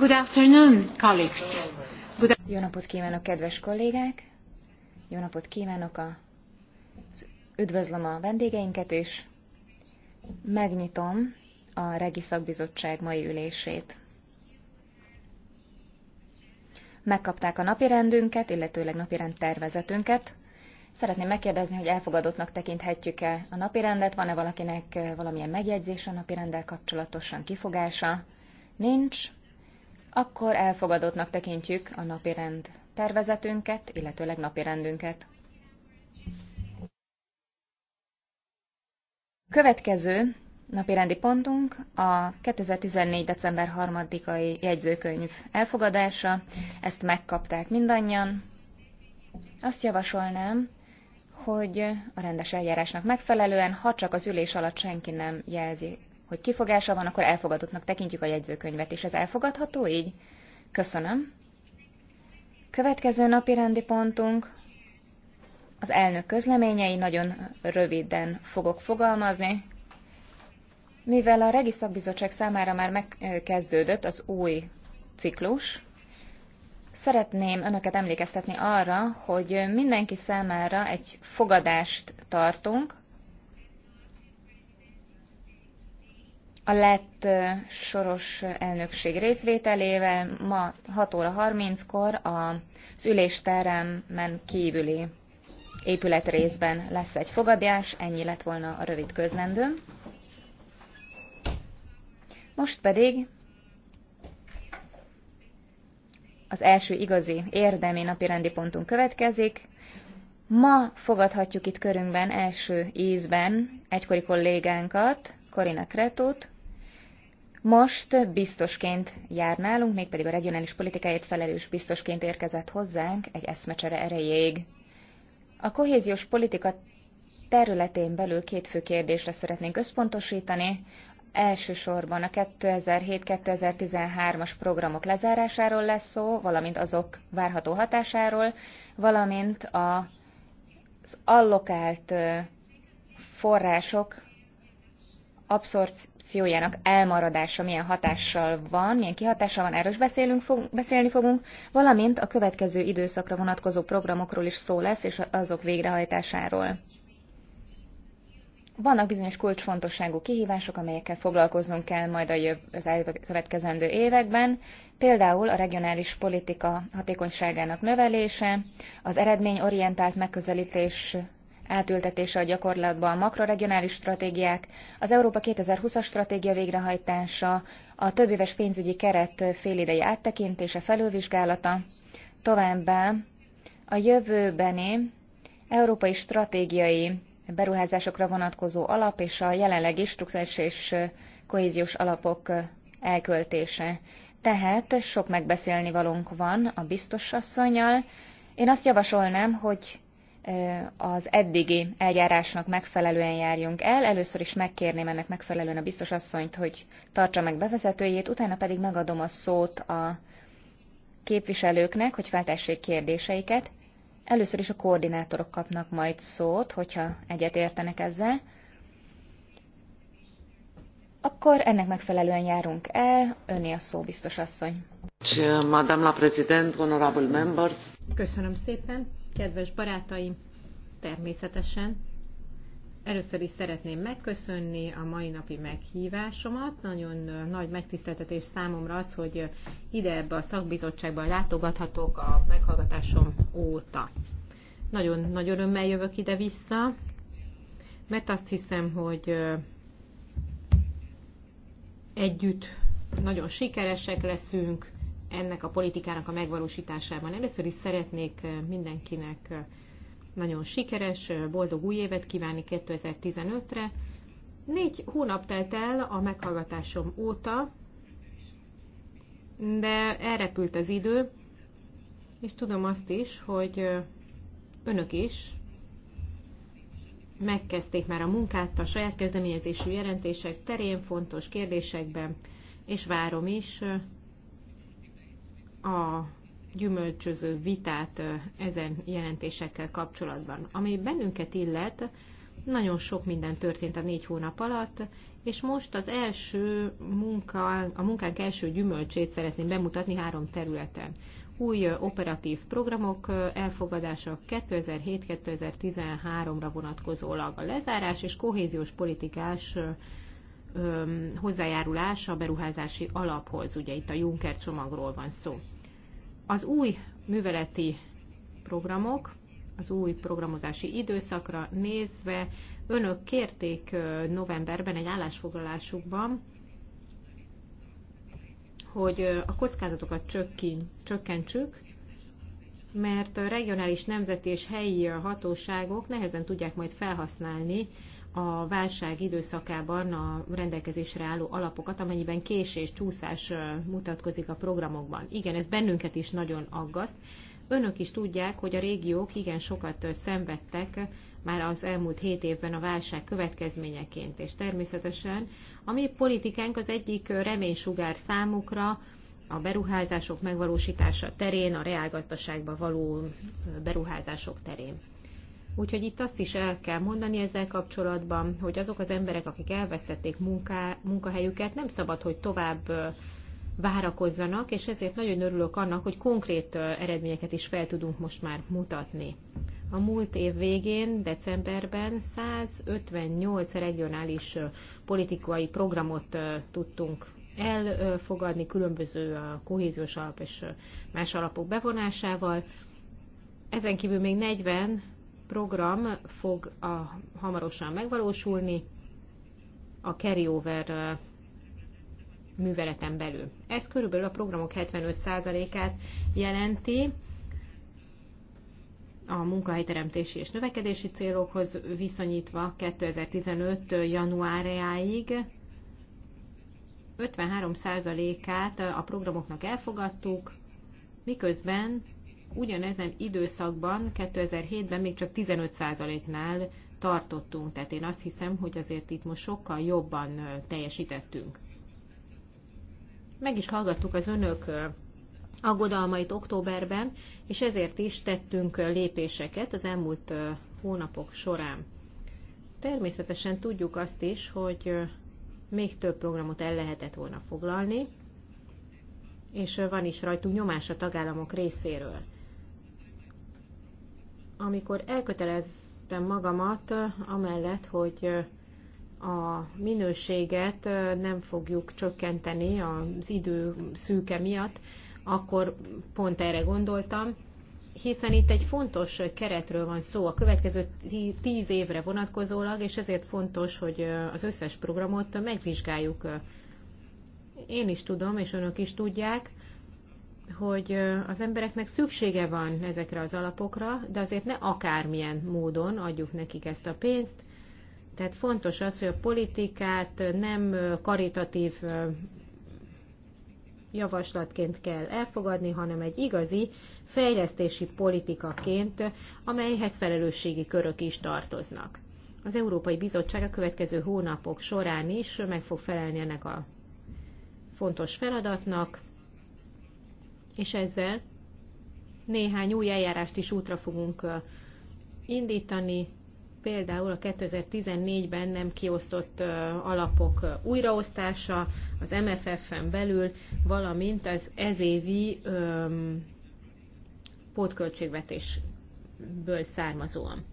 Good afternoon, colleagues. Good Jó napot kívánok, kedves kollégák! Jó napot kívánok! A... Üdvözlöm a vendégeinket, és megnyitom a Regi Szakbizottság mai ülését. Megkapták a napirendünket, illetőleg napirend tervezetünket. Szeretném megkérdezni, hogy elfogadottnak tekinthetjük-e a napirendet, van-e valakinek eh, valamilyen megjegyzése a napirenddel kapcsolatosan kifogása? Nincs akkor elfogadottnak tekintjük a napirend tervezetünket, illetőleg napirendünket. Következő napirendi pontunk a 2014. december 3-ai jegyzőkönyv elfogadása. Ezt megkapták mindannyian. Azt javasolnám, hogy a rendes eljárásnak megfelelően, ha csak az ülés alatt senki nem jelzi hogy kifogása van, akkor elfogadottnak tekintjük a jegyzőkönyvet, és ez elfogadható így? Köszönöm. Következő napi rendi pontunk az elnök közleményei, nagyon röviden fogok fogalmazni. Mivel a Regi Szakbizottság számára már megkezdődött az új ciklus, szeretném önöket emlékeztetni arra, hogy mindenki számára egy fogadást tartunk, a lett soros elnökség részvételével ma 6 óra 30-kor az ülésteremen kívüli épületrészben lesz egy fogadás, ennyi lett volna a rövid közlendőm. Most pedig az első igazi érdemi napirendi pontunk következik. Ma fogadhatjuk itt körünkben első ízben egykori kollégánkat, Korina Kretót, most biztosként jár nálunk, mégpedig a regionális politikáért felelős biztosként érkezett hozzánk egy eszmecsere erejéig. A kohéziós politika területén belül két fő kérdésre szeretnénk összpontosítani. Elsősorban a 2007-2013-as programok lezárásáról lesz szó, valamint azok várható hatásáról, valamint az allokált források abszorpciójának elmaradása milyen hatással van, milyen kihatással van, erről is beszélünk, fog, beszélni fogunk, valamint a következő időszakra vonatkozó programokról is szó lesz, és azok végrehajtásáról. Vannak bizonyos kulcsfontosságú kihívások, amelyekkel foglalkoznunk kell majd a jöv, az elkövetkezendő években, például a regionális politika hatékonyságának növelése, az eredményorientált megközelítés átültetése a gyakorlatba a makroregionális stratégiák, az Európa 2020-as stratégia végrehajtása, a többéves pénzügyi keret félidei áttekintése, felülvizsgálata, továbbá a jövőbeni európai stratégiai beruházásokra vonatkozó alap és a jelenlegi struktúrás és kohéziós alapok elköltése. Tehát sok megbeszélni valónk van a biztos Én azt javasolnám, hogy az eddigi eljárásnak megfelelően járjunk el. Először is megkérném ennek megfelelően a biztos asszonyt, hogy tartsa meg bevezetőjét, utána pedig megadom a szót a képviselőknek, hogy feltessék kérdéseiket. Először is a koordinátorok kapnak majd szót, hogyha egyet értenek ezzel. Akkor ennek megfelelően járunk el. Öné a szó, biztos asszony. Madame la President, honorable members. Köszönöm szépen. Kedves barátaim, természetesen először is szeretném megköszönni a mai napi meghívásomat. Nagyon nagy megtiszteltetés számomra az, hogy ide ebbe a szakbizottságban látogathatok a meghallgatásom óta. Nagyon nagy örömmel jövök ide-vissza, mert azt hiszem, hogy együtt nagyon sikeresek leszünk, ennek a politikának a megvalósításában. Először is szeretnék eh, mindenkinek eh, nagyon sikeres, eh, boldog új évet kívánni 2015-re. Négy hónap telt el a meghallgatásom óta, de elrepült az idő, és tudom azt is, hogy önök is megkezdték már a munkát a saját kezdeményezésű jelentések terén fontos kérdésekben, és várom is a gyümölcsöző vitát ezen jelentésekkel kapcsolatban. Ami bennünket illet, nagyon sok minden történt a négy hónap alatt, és most az első munka, a munkánk első gyümölcsét szeretném bemutatni három területen. Új operatív programok elfogadása 2007-2013-ra vonatkozólag a lezárás és kohéziós politikás hozzájárulás a beruházási alaphoz, ugye itt a Juncker csomagról van szó. Az új műveleti programok, az új programozási időszakra nézve önök kérték novemberben egy állásfoglalásukban, hogy a kockázatokat csökkin, csökkentsük, mert a regionális, nemzeti és helyi hatóságok nehezen tudják majd felhasználni a válság időszakában a rendelkezésre álló alapokat, amennyiben késés, csúszás mutatkozik a programokban. Igen, ez bennünket is nagyon aggaszt. Önök is tudják, hogy a régiók igen sokat szenvedtek már az elmúlt hét évben a válság következményeként, és természetesen a mi politikánk az egyik reménysugár számukra, a beruházások megvalósítása terén, a reálgazdaságba való beruházások terén. Úgyhogy itt azt is el kell mondani ezzel kapcsolatban, hogy azok az emberek, akik elvesztették munká, munkahelyüket, nem szabad, hogy tovább várakozzanak, és ezért nagyon örülök annak, hogy konkrét eredményeket is fel tudunk most már mutatni. A múlt év végén, decemberben 158 regionális politikai programot tudtunk elfogadni különböző kohéziós alap és más alapok bevonásával. Ezen kívül még 40 program fog a, hamarosan megvalósulni a carryover műveleten belül. Ez körülbelül a programok 75%-át jelenti a munkahelyteremtési és növekedési célokhoz viszonyítva 2015. januárjáig 53%-át a programoknak elfogadtuk, miközben ugyanezen időszakban, 2007-ben még csak 15%-nál tartottunk, tehát én azt hiszem, hogy azért itt most sokkal jobban teljesítettünk. Meg is hallgattuk az önök aggodalmait októberben, és ezért is tettünk lépéseket az elmúlt hónapok során. Természetesen tudjuk azt is, hogy még több programot el lehetett volna foglalni, és van is rajtunk nyomás a tagállamok részéről amikor elköteleztem magamat eh, amellett, hogy eh, a minőséget eh, nem fogjuk csökkenteni az idő szűke miatt, akkor pont erre gondoltam, hiszen itt egy fontos keretről van szó a következő tíz évre vonatkozólag, és ezért fontos, hogy az összes programot megvizsgáljuk. Én is tudom, és önök is tudják, hogy az embereknek szüksége van ezekre az alapokra, de azért ne akármilyen módon adjuk nekik ezt a pénzt. Tehát fontos az, hogy a politikát nem karitatív javaslatként kell elfogadni, hanem egy igazi fejlesztési politikaként, amelyhez felelősségi körök is tartoznak. Az Európai Bizottság a következő hónapok során is meg fog felelni ennek a fontos feladatnak, és ezzel néhány új eljárást is útra fogunk indítani, például a 2014-ben nem kiosztott alapok újraosztása az MFF-en belül, valamint az ezévi pótköltségvetésből származóan.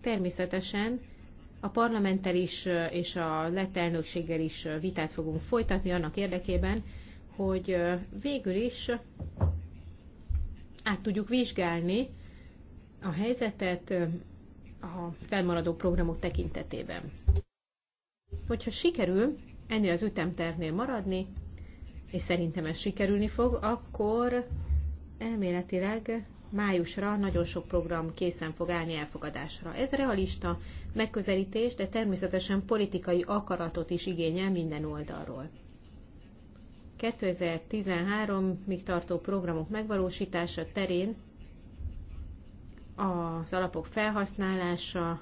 Természetesen a parlamenttel is és a lett elnökséggel is vitát fogunk folytatni annak érdekében, hogy végül is át tudjuk vizsgálni a helyzetet a felmaradó programok tekintetében. Hogyha sikerül ennél az ütemtervnél maradni, és szerintem ez sikerülni fog, akkor elméletileg májusra nagyon sok program készen fog állni elfogadásra. Ez realista megközelítés, de természetesen politikai akaratot is igényel minden oldalról. 2013-ig tartó programok megvalósítása terén az alapok felhasználása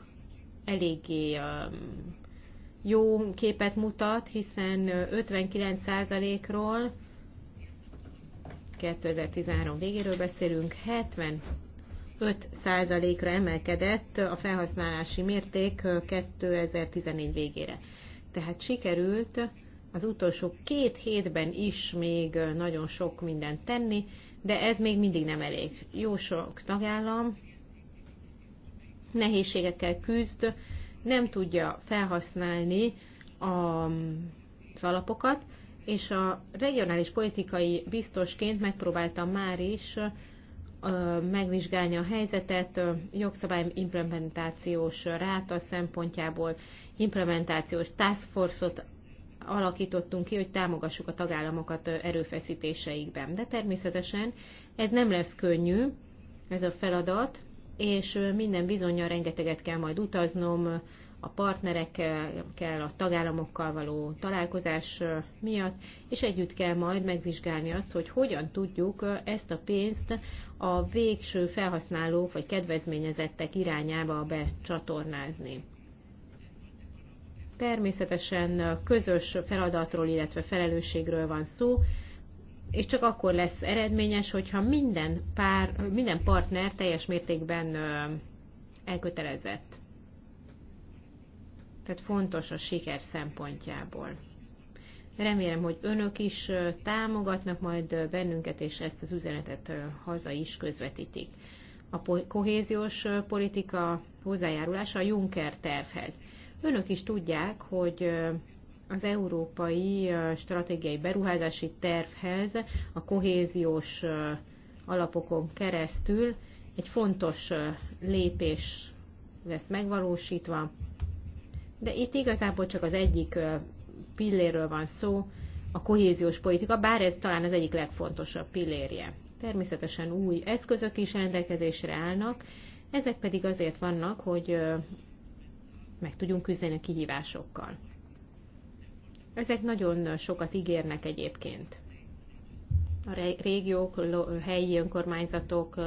eléggé um, jó képet mutat, hiszen 59%-ról 2013 végéről beszélünk, 75%-ra emelkedett a felhasználási mérték 2014 uh, végére. Tehát sikerült az utolsó két hétben is még nagyon sok mindent tenni, de ez még mindig nem elég. Jó sok tagállam nehézségekkel küzd, nem tudja felhasználni mm, az alapokat, és a regionális politikai biztosként megpróbáltam már is megvizsgálni a helyzetet jogszabály implementációs ráta szempontjából, implementációs taskforce ot alakítottunk ki, hogy támogassuk a tagállamokat erőfeszítéseikben. De természetesen ez nem lesz könnyű, ez a feladat, és minden bizonyal rengeteget kell majd utaznom, a partnerekkel, a tagállamokkal való találkozás miatt, és együtt kell majd megvizsgálni azt, hogy hogyan tudjuk ezt a pénzt a végső felhasználók vagy kedvezményezettek irányába becsatornázni. Természetesen közös feladatról, illetve felelősségről van szó, és csak akkor lesz eredményes, hogyha minden, pár, minden partner teljes mértékben elkötelezett. Tehát fontos a siker szempontjából. Remélem, hogy önök is támogatnak majd bennünket, és ezt az üzenetet haza is közvetítik. A kohéziós politika hozzájárulása a Juncker tervhez. Önök is tudják, hogy az európai stratégiai beruházási tervhez a kohéziós alapokon keresztül egy fontos lépés lesz megvalósítva, de itt igazából csak az egyik pilléről van szó, a kohéziós politika, bár ez talán az egyik legfontosabb pillérje. Természetesen új eszközök is rendelkezésre állnak, ezek pedig azért vannak, hogy meg tudjunk küzdeni a kihívásokkal. Ezek nagyon sokat ígérnek egyébként. A régiók, helyi önkormányzatok,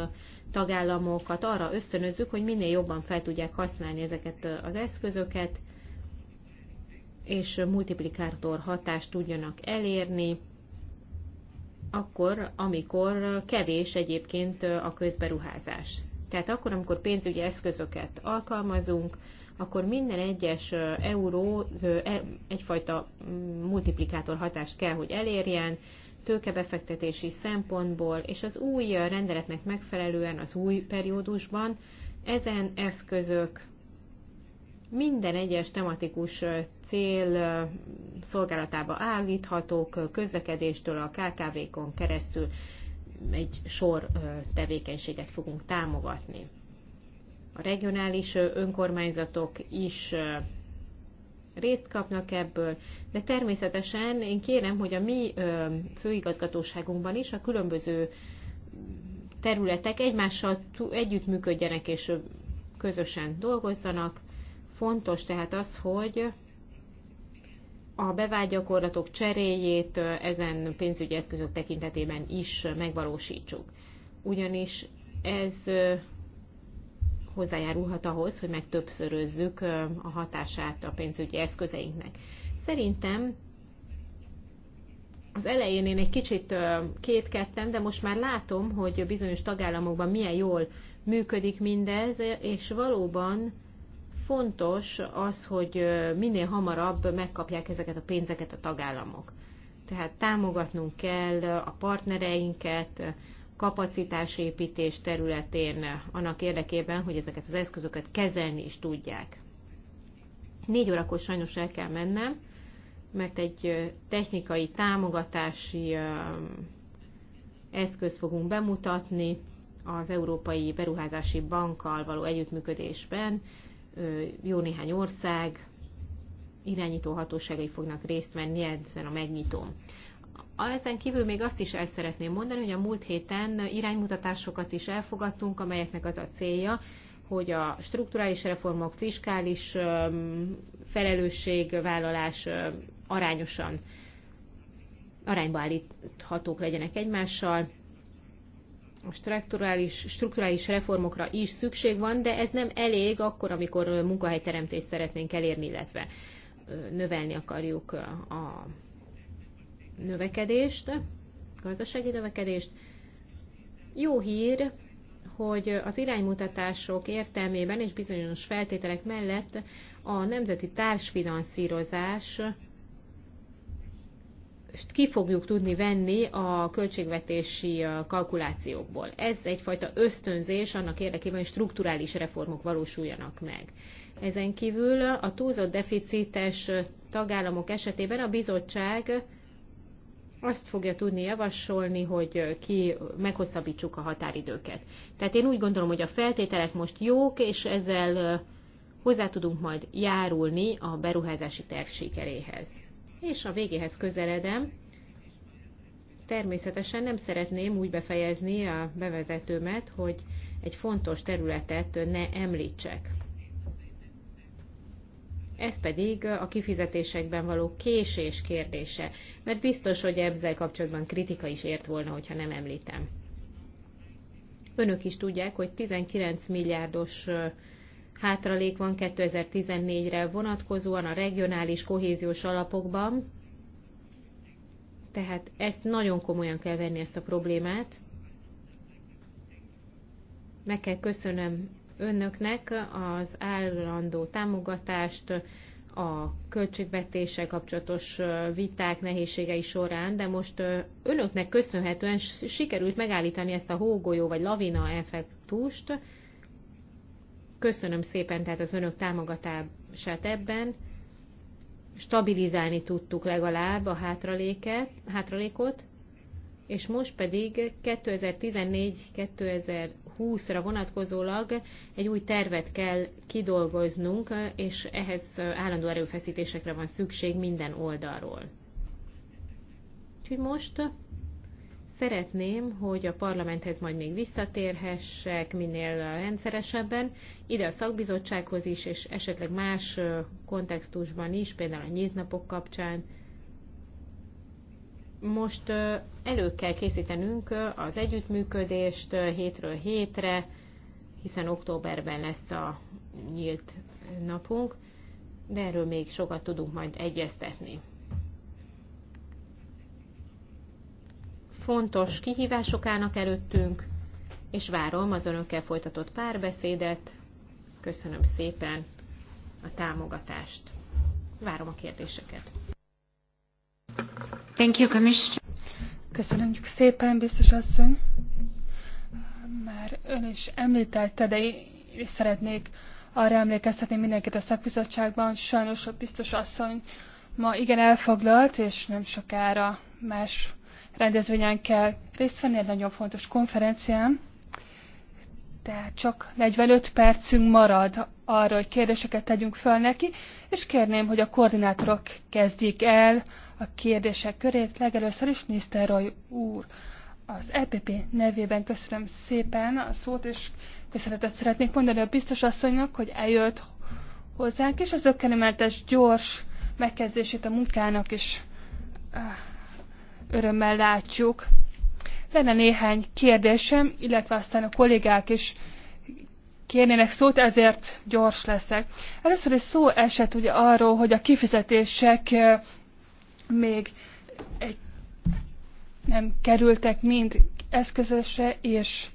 tagállamokat arra ösztönözzük, hogy minél jobban fel tudják használni ezeket az eszközöket, és multiplikátor hatást tudjanak elérni, akkor, amikor kevés egyébként a közberuházás. Tehát akkor, amikor pénzügyi eszközöket alkalmazunk, akkor minden egyes euró e, egyfajta mm, multiplikátor hatást kell, hogy elérjen, tőkebefektetési szempontból, és az új rendeletnek megfelelően az új periódusban ezen eszközök minden egyes tematikus cél szolgálatába állíthatók, közlekedéstől a KKV-kon keresztül egy sor tevékenységet fogunk támogatni a regionális önkormányzatok is részt kapnak ebből, de természetesen én kérem, hogy a mi főigazgatóságunkban is a különböző területek egymással együttműködjenek és közösen dolgozzanak. Fontos tehát az, hogy a bevált gyakorlatok cseréjét ezen pénzügyi eszközök tekintetében is megvalósítsuk. Ugyanis ez hozzájárulhat ahhoz, hogy megtöbbszörözzük a hatását a pénzügyi eszközeinknek. Szerintem az elején én egy kicsit kétkedtem, de most már látom, hogy bizonyos tagállamokban milyen jól működik mindez, és valóban fontos az, hogy minél hamarabb megkapják ezeket a pénzeket a tagállamok. Tehát támogatnunk kell a partnereinket, kapacitásépítés területén annak érdekében, hogy ezeket az eszközöket kezelni is tudják. Négy órakor sajnos el kell mennem, mert egy technikai támogatási eszközt fogunk bemutatni az Európai Beruházási Bankkal való együttműködésben. Jó néhány ország irányító hatóságai fognak részt venni ezen a megnyitón. Ezen kívül még azt is el szeretném mondani, hogy a múlt héten iránymutatásokat is elfogadtunk, amelyeknek az a célja, hogy a strukturális reformok, fiskális felelősségvállalás arányosan arányba állíthatók legyenek egymással. A strukturális, strukturális reformokra is szükség van, de ez nem elég akkor, amikor munkahelyteremtést szeretnénk elérni, illetve növelni akarjuk a növekedést, gazdasági növekedést. Jó hír, hogy az iránymutatások értelmében és bizonyos feltételek mellett a nemzeti társfinanszírozás ki fogjuk tudni venni a költségvetési kalkulációkból. Ez egyfajta ösztönzés annak érdekében, hogy strukturális reformok valósuljanak meg. Ezen kívül a túlzott deficites tagállamok esetében a bizottság azt fogja tudni javasolni, hogy ki meghosszabbítsuk a határidőket. Tehát én úgy gondolom, hogy a feltételek most jók, és ezzel hozzá tudunk majd járulni a beruházási terv sikeréhez. És a végéhez közeledem. Természetesen nem szeretném úgy befejezni a bevezetőmet, hogy egy fontos területet ne említsek. Ez pedig a kifizetésekben való késés kérdése, mert biztos, hogy ezzel kapcsolatban kritika is ért volna, hogyha nem említem. Önök is tudják, hogy 19 milliárdos hátralék van 2014-re vonatkozóan a regionális kohéziós alapokban, tehát ezt nagyon komolyan kell venni ezt a problémát. Meg kell köszönöm önöknek az állandó támogatást a költségvetéssel kapcsolatos viták nehézségei során, de most önöknek köszönhetően sikerült megállítani ezt a hógolyó vagy lavina effektust. Köszönöm szépen tehát az önök támogatását ebben. Stabilizálni tudtuk legalább a hátraléket, hátralékot, és most pedig 2014 2000 2020-ra vonatkozólag egy új tervet kell kidolgoznunk, és ehhez állandó erőfeszítésekre van szükség minden oldalról. Úgyhogy most szeretném, hogy a parlamenthez majd még visszatérhessek minél rendszeresebben, ide a szakbizottsághoz is, és esetleg más kontextusban is, például a nyílt napok kapcsán, most elő kell készítenünk az együttműködést hétről hétre, hiszen októberben lesz a nyílt napunk, de erről még sokat tudunk majd egyeztetni. Fontos kihívások állnak előttünk, és várom az önökkel folytatott párbeszédet. Köszönöm szépen a támogatást. Várom a kérdéseket. Köszönjük szépen, biztos asszony. Már ön is említette, de én is szeretnék arra emlékeztetni mindenkit a szakbizottságban. Sajnos a biztos asszony ma igen elfoglalt, és nem sokára más rendezvényen kell részt venni egy nagyon fontos konferencián. Tehát csak 45 percünk marad arra, hogy kérdéseket tegyünk föl neki, és kérném, hogy a koordinátorok kezdjék el a kérdések körét. Legelőször is Nisztelroj úr. Az EPP nevében köszönöm szépen a szót, és köszönetet szeretnék mondani a biztos asszonynak, hogy eljött hozzánk, és az ökkenőmentes gyors megkezdését a munkának is eh, örömmel látjuk. Lenne néhány kérdésem, illetve aztán a kollégák is kérnének szót, ezért gyors leszek. Először is szó esett ugye arról, hogy a kifizetések eh, még egy, nem kerültek mind eszközösre, és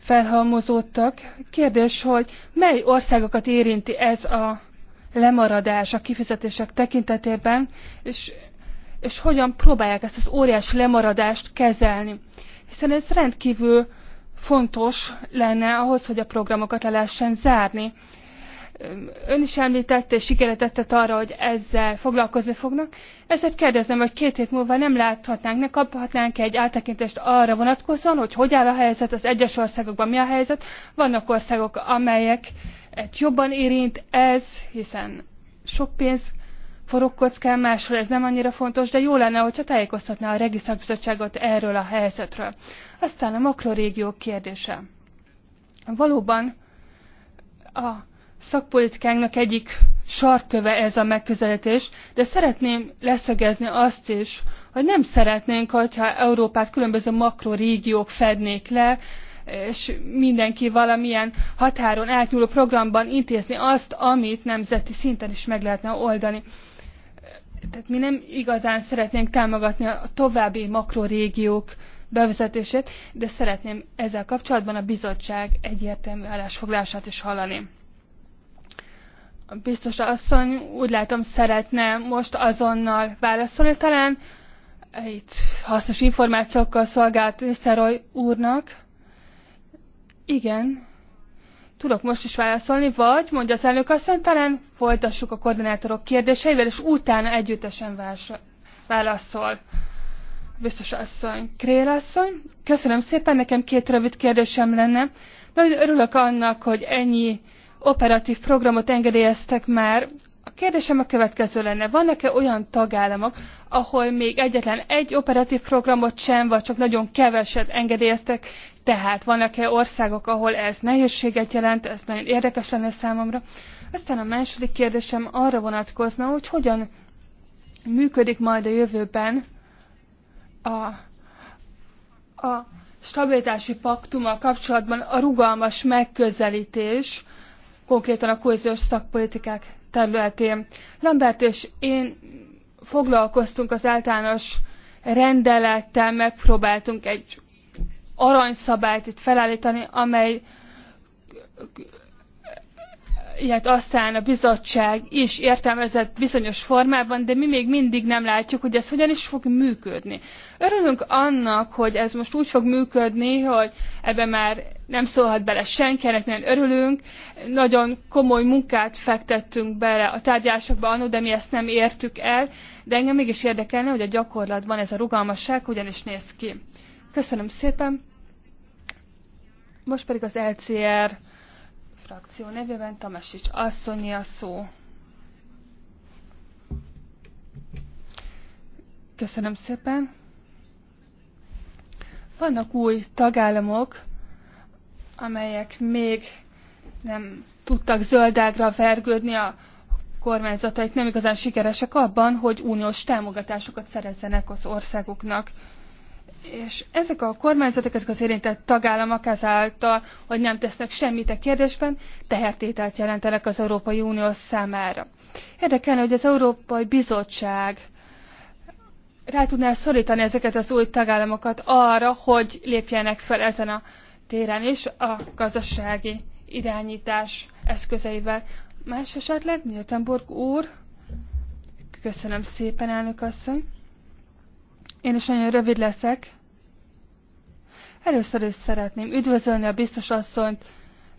felhalmozódtak. Kérdés, hogy mely országokat érinti ez a lemaradás a kifizetések tekintetében, és és hogyan próbálják ezt az óriási lemaradást kezelni. Hiszen ez rendkívül fontos lenne ahhoz, hogy a programokat le lehessen zárni. Ön is említette és ígéretet arra, hogy ezzel foglalkozni fognak. Ezért kérdezem, hogy két hét múlva nem láthatnánk, ne kaphatnánk egy áttekintést arra vonatkozóan, hogy hogy áll a helyzet, az egyes országokban mi a helyzet. Vannak országok, amelyek egy jobban érint ez, hiszen sok pénz forog kockán, máshol ez nem annyira fontos, de jó lenne, hogyha tájékoztatná a Regi Szakbizottságot erről a helyzetről. Aztán a makrorégiók kérdése. Valóban a szakpolitikánknak egyik sarköve ez a megközelítés, de szeretném leszögezni azt is, hogy nem szeretnénk, hogyha Európát különböző makrorégiók fednék le, és mindenki valamilyen határon átnyúló programban intézni azt, amit nemzeti szinten is meg lehetne oldani. Tehát mi nem igazán szeretnénk támogatni a további makrorégiók bevezetését, de szeretném ezzel kapcsolatban a bizottság egyértelmű állásfoglását is hallani. A biztos asszony úgy látom szeretne most azonnal válaszolni talán, itt hasznos információkkal szolgált Szeroly úrnak. Igen, tudok most is válaszolni, vagy, mondja az elnök asszony, talán folytassuk a koordinátorok kérdéseivel, és utána együttesen válaszol. Biztos asszony, Krél asszony. Köszönöm szépen, nekem két rövid kérdésem lenne. Nagyon örülök annak, hogy ennyi operatív programot engedélyeztek már Kérdésem a következő lenne, vannak-e olyan tagállamok, ahol még egyetlen egy operatív programot sem, vagy csak nagyon keveset engedélyeztek, tehát vannak-e országok, ahol ez nehézséget jelent, ez nagyon érdekes lenne számomra. Aztán a második kérdésem arra vonatkozna, hogy hogyan működik majd a jövőben a, a stabilitási paktummal kapcsolatban a rugalmas megközelítés, konkrétan a kohéziós szakpolitikák területén. Lambert és én foglalkoztunk az általános rendelettel, megpróbáltunk egy aranyszabályt itt felállítani, amely ilyet aztán a bizottság is értelmezett bizonyos formában, de mi még mindig nem látjuk, hogy ez hogyan is fog működni. Örülünk annak, hogy ez most úgy fog működni, hogy ebben már nem szólhat bele senki, ennek nagyon örülünk. Nagyon komoly munkát fektettünk bele a tárgyalásokba annó, de mi ezt nem értük el, de engem mégis érdekelne, hogy a gyakorlatban ez a rugalmasság hogyan is néz ki. Köszönöm szépen! Most pedig az LCR frakció nevében Tamásics asszonyi a szó. Köszönöm szépen. Vannak új tagállamok, amelyek még nem tudtak zöldágra vergődni a kormányzataik nem igazán sikeresek abban, hogy uniós támogatásokat szerezzenek az országoknak. És ezek a kormányzatok, ezek az érintett tagállamok ezáltal, hogy nem tesznek semmit a kérdésben, tehertételt jelentenek az Európai Unió számára. Érdekelne, hogy az Európai Bizottság rá tudná szorítani ezeket az új tagállamokat arra, hogy lépjenek fel ezen a téren is a gazdasági irányítás eszközeivel. Más esetleg, Nyiltenburg úr, köszönöm szépen, elnök asszony. Én is nagyon rövid leszek. Először is szeretném üdvözölni a biztos asszonyt.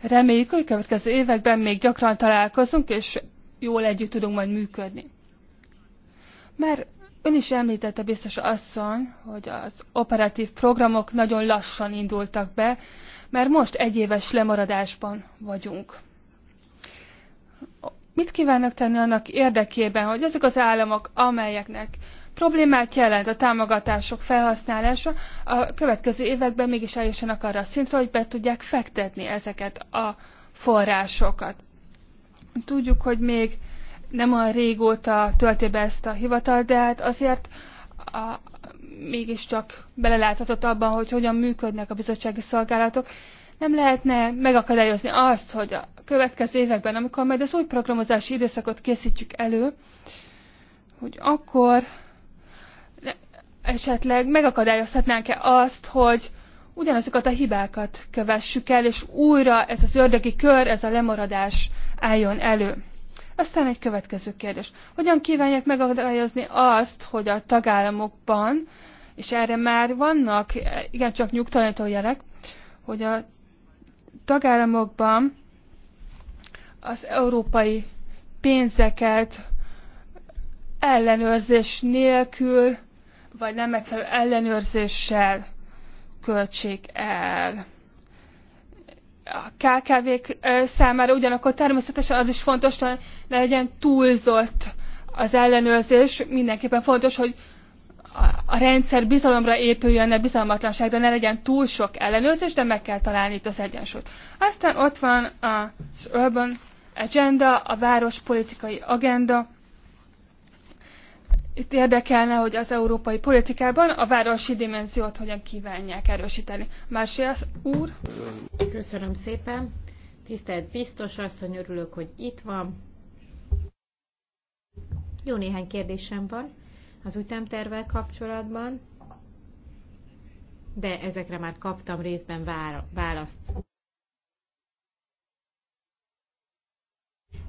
Reméljük, hogy következő években még gyakran találkozunk, és jól együtt tudunk majd működni. Mert ön is említette biztos asszony, hogy az operatív programok nagyon lassan indultak be, mert most egyéves lemaradásban vagyunk. Mit kívánok tenni annak érdekében, hogy azok az államok, amelyeknek problémát jelent a támogatások felhasználása, a következő években mégis eljussanak arra a szintre, hogy be tudják fektetni ezeket a forrásokat. Tudjuk, hogy még nem olyan régóta tölti be ezt a hivatal, de hát azért a, mégiscsak beleláthatott abban, hogy hogyan működnek a bizottsági szolgálatok, nem lehetne megakadályozni azt, hogy a következő években, amikor majd az új programozási időszakot készítjük elő, hogy akkor esetleg megakadályozhatnánk-e azt, hogy ugyanazokat a hibákat kövessük el, és újra ez az ördögi kör, ez a lemaradás álljon elő. Aztán egy következő kérdés. Hogyan kívánják megakadályozni azt, hogy a tagállamokban, és erre már vannak igencsak nyugtalanító jelek, hogy a tagállamokban az európai pénzeket ellenőrzés nélkül vagy nem megfelelő ellenőrzéssel költség el. A KKV-k számára ugyanakkor természetesen az is fontos, hogy ne legyen túlzott az ellenőrzés. Mindenképpen fontos, hogy a rendszer bizalomra épüljön, ne bizalmatlanságra, ne legyen túl sok ellenőrzés, de meg kell találni itt az egyensúlyt. Aztán ott van az Urban Agenda, a várospolitikai agenda, itt érdekelne, hogy az európai politikában a városi dimenziót hogyan kívánják erősíteni. az úr. Köszönöm szépen. Tisztelt biztos asszony, örülök, hogy itt van. Jó néhány kérdésem van az ütemtervel kapcsolatban, de ezekre már kaptam részben választ.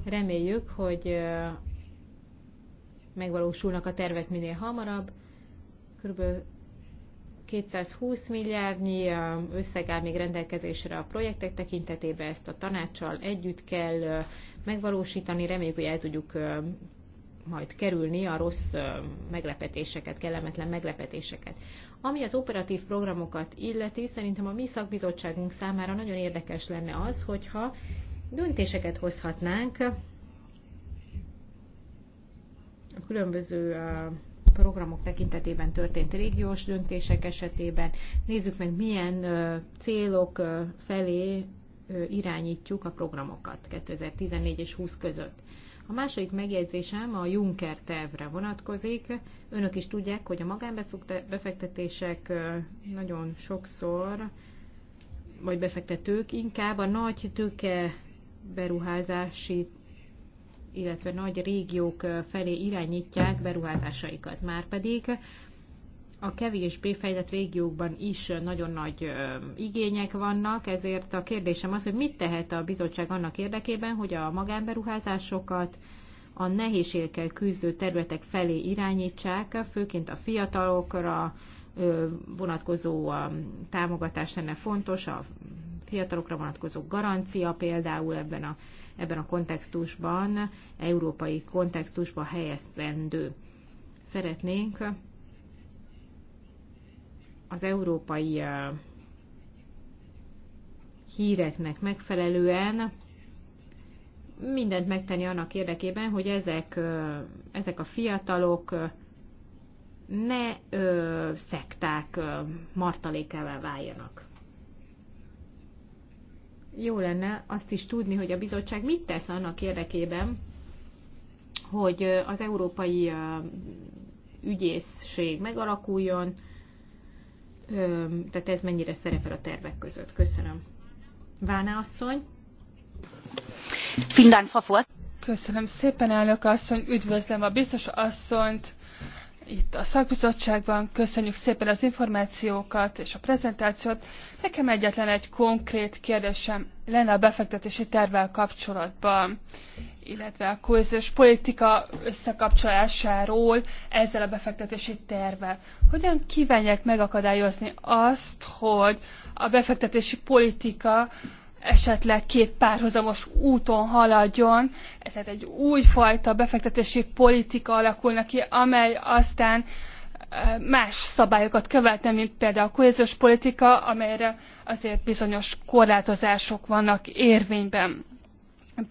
Reméljük, hogy megvalósulnak a tervek minél hamarabb. Körülbelül 220 milliárdnyi összeg áll még rendelkezésre a projektek tekintetében, ezt a tanácssal együtt kell megvalósítani, reméljük, hogy el tudjuk majd kerülni a rossz meglepetéseket, kellemetlen meglepetéseket. Ami az operatív programokat illeti, szerintem a mi szakbizottságunk számára nagyon érdekes lenne az, hogyha döntéseket hozhatnánk a különböző programok tekintetében történt régiós döntések esetében. Nézzük meg, milyen célok felé irányítjuk a programokat 2014 és 20 között. A második megjegyzésem a Juncker tervre vonatkozik. Önök is tudják, hogy a magánbefektetések nagyon sokszor, vagy befektetők inkább a nagy tőke beruházási illetve nagy régiók felé irányítják beruházásaikat. Márpedig a kevésbé fejlett régiókban is nagyon nagy igények vannak, ezért a kérdésem az, hogy mit tehet a bizottság annak érdekében, hogy a magánberuházásokat a nehézségekkel küzdő területek felé irányítsák, főként a fiatalokra vonatkozó támogatás lenne fontos, a fiatalokra vonatkozó garancia például ebben a, ebben a kontextusban, európai kontextusban helyezendő. Szeretnénk az európai híreknek megfelelően mindent megtenni annak érdekében, hogy ezek, ezek a fiatalok ne ö, szekták ö, martalékává váljanak jó lenne azt is tudni, hogy a bizottság mit tesz annak érdekében, hogy az európai ügyészség megalakuljon, tehát ez mennyire szerepel a tervek között. Köszönöm. Váná asszony. Köszönöm szépen, elnök asszony. Üdvözlöm a biztos asszonyt itt a szakbizottságban. Köszönjük szépen az információkat és a prezentációt. Nekem egyetlen egy konkrét kérdésem lenne a befektetési tervvel kapcsolatban, illetve a kohéziós politika összekapcsolásáról ezzel a befektetési tervvel. Hogyan kívánják megakadályozni azt, hogy a befektetési politika esetleg két párhuzamos úton haladjon. Tehát egy újfajta befektetési politika alakulna ki, amely aztán más szabályokat követne, mint például a kohéziós politika, amelyre azért bizonyos korlátozások vannak érvényben.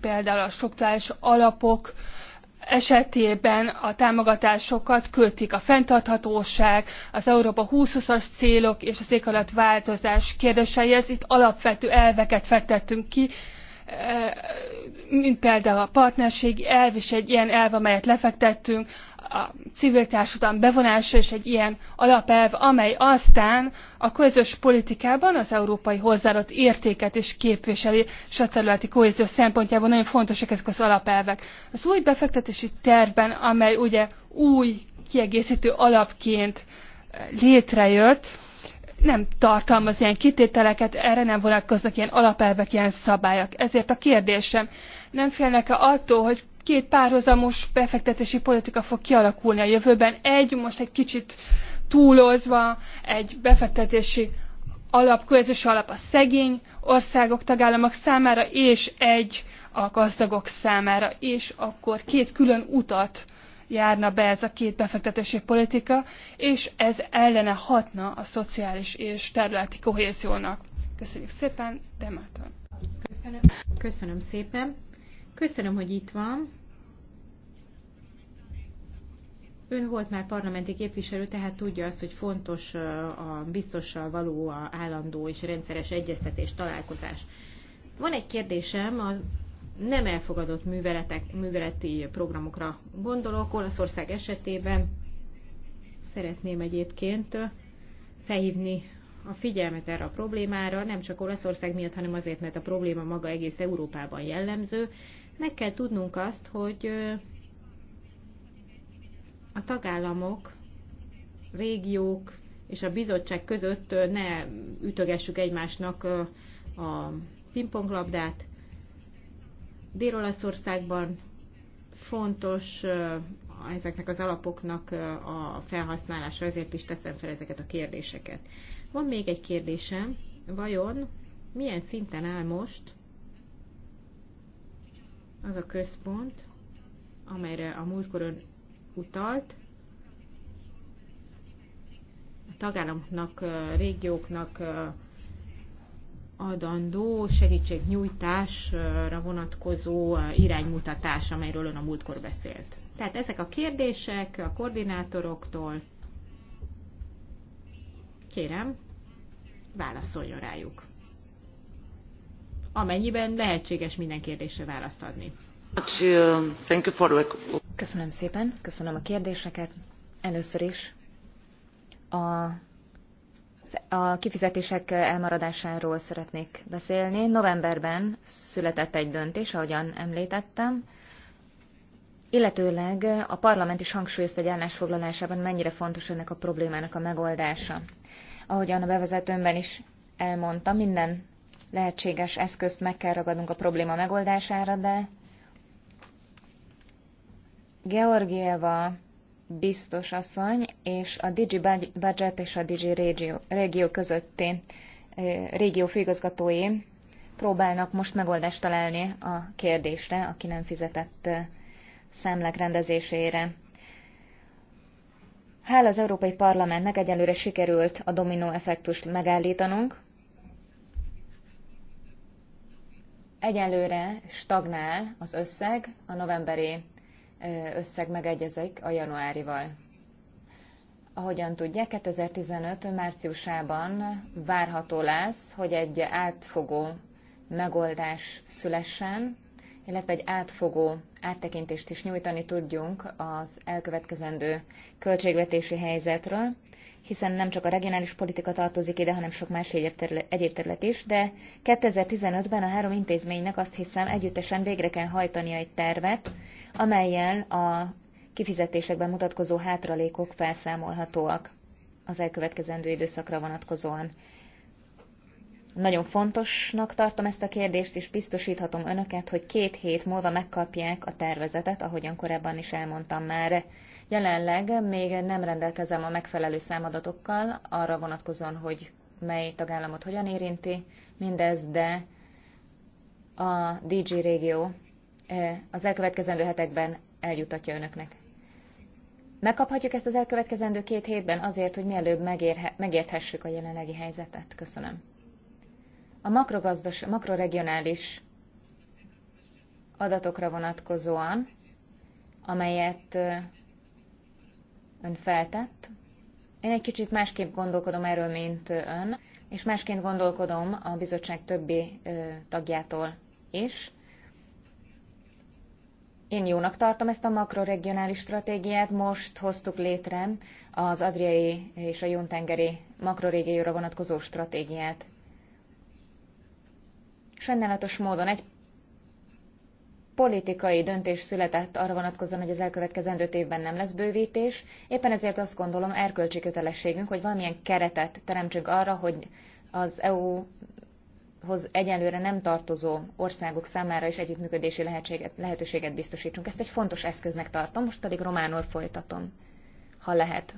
Például a struktúrális alapok esetében a támogatásokat költik a fenntarthatóság, az Európa twenty as célok és az éghajlatváltozás kérdéseihez. Itt alapvető elveket fektettünk ki, mint például a partnerségi elv is egy ilyen elv, amelyet lefektettünk, a civil társadalom bevonása is egy ilyen alapelv, amely aztán a közös politikában az európai hozzáadott értéket is képviseli, és a területi kohézió szempontjából nagyon fontosak ezek az alapelvek. Az új befektetési tervben, amely ugye új kiegészítő alapként eh, létrejött, nem tartalmaz ilyen kitételeket, erre nem vonatkoznak ilyen alapelvek, ilyen szabályok. Ezért a kérdésem, nem félnek -e attól, hogy két párhuzamos befektetési politika fog kialakulni a jövőben. Egy, most egy kicsit túlozva, egy befektetési alap, közös alap a szegény országok, tagállamok számára, és egy a gazdagok számára, és akkor két külön utat járna be ez a két befektetési politika, és ez ellene hatna a szociális és területi kohéziónak. Köszönjük szépen, Demáton. Köszönöm. Köszönöm szépen. Köszönöm, hogy itt van. Ön volt már parlamenti képviselő, tehát tudja azt, hogy fontos a biztossal való a állandó és rendszeres egyeztetés, találkozás. Van egy kérdésem, a nem elfogadott műveletek, műveleti programokra gondolok. Olaszország esetében szeretném egyébként felhívni a figyelmet erre a problémára, nem csak Olaszország miatt, hanem azért, mert a probléma maga egész Európában jellemző, meg kell tudnunk azt, hogy a tagállamok, régiók és a bizottság között ne ütögessük egymásnak a pingponglabdát. Dél-Olaszországban fontos ezeknek az alapoknak a felhasználása, ezért is teszem fel ezeket a kérdéseket. Van még egy kérdésem, vajon milyen szinten áll most az a központ, amelyre a múltkoron utalt, a tagállamoknak, régióknak adandó segítségnyújtásra vonatkozó iránymutatás, amelyről ön a múltkor beszélt. Tehát ezek a kérdések a koordinátoroktól. Kérem, válaszoljon rájuk amennyiben lehetséges minden kérdésre választ adni. Köszönöm szépen, köszönöm a kérdéseket. Először is a, a kifizetések elmaradásáról szeretnék beszélni. Novemberben született egy döntés, ahogyan említettem, illetőleg a parlament is hangsúlyozta egy állásfoglalásában, mennyire fontos ennek a problémának a megoldása. Ahogyan a bevezetőmben is elmondta, minden lehetséges eszközt meg kell ragadnunk a probléma megoldására, de Georgieva biztos asszony és a Digi Budget és a Digi Régió, régió közötti régió főigazgatói próbálnak most megoldást találni a kérdésre, aki nem fizetett számlák rendezésére. Hála az Európai Parlamentnek egyelőre sikerült a dominó effektust megállítanunk, Egyelőre stagnál az összeg, a novemberi összeg megegyezik a januárival. Ahogyan tudják, 2015 márciusában várható lesz, hogy egy átfogó megoldás szülessen, illetve egy átfogó áttekintést is nyújtani tudjunk az elkövetkezendő költségvetési helyzetről, hiszen nem csak a regionális politika tartozik ide, hanem sok más egyéb terület, is, de 2015-ben a három intézménynek azt hiszem együttesen végre kell hajtania egy tervet, amelyel a kifizetésekben mutatkozó hátralékok felszámolhatóak az elkövetkezendő időszakra vonatkozóan. Nagyon fontosnak tartom ezt a kérdést, és biztosíthatom önöket, hogy két hét múlva megkapják a tervezetet, ahogyan korábban is elmondtam már. Jelenleg még nem rendelkezem a megfelelő számadatokkal arra vonatkozóan, hogy mely tagállamot hogyan érinti mindez, de a DG régió eh, az elkövetkezendő hetekben eljutatja önöknek. Megkaphatjuk ezt az elkövetkezendő két hétben azért, hogy mielőbb megérhe, megérthessük a jelenlegi helyzetet. Köszönöm. A makrogazdas, makroregionális adatokra vonatkozóan, amelyet eh, ön feltett. Én egy kicsit másképp gondolkodom erről, mint ön, és másként gondolkodom a bizottság többi tagjától is. Én jónak tartom ezt a makroregionális stratégiát, most hoztuk létre az Adriai és a Jontengeri makrorégióra vonatkozó stratégiát. Sajnálatos módon egy politikai döntés született arra vonatkozóan, hogy az elkövetkezendő évben nem lesz bővítés. Éppen ezért azt gondolom, erkölcsi kötelességünk, hogy valamilyen keretet teremtsünk arra, hogy az EU hoz egyenlőre nem tartozó országok számára is együttműködési lehetséget, lehetőséget biztosítsunk. Ezt egy fontos eszköznek tartom, most pedig románul folytatom, ha lehet.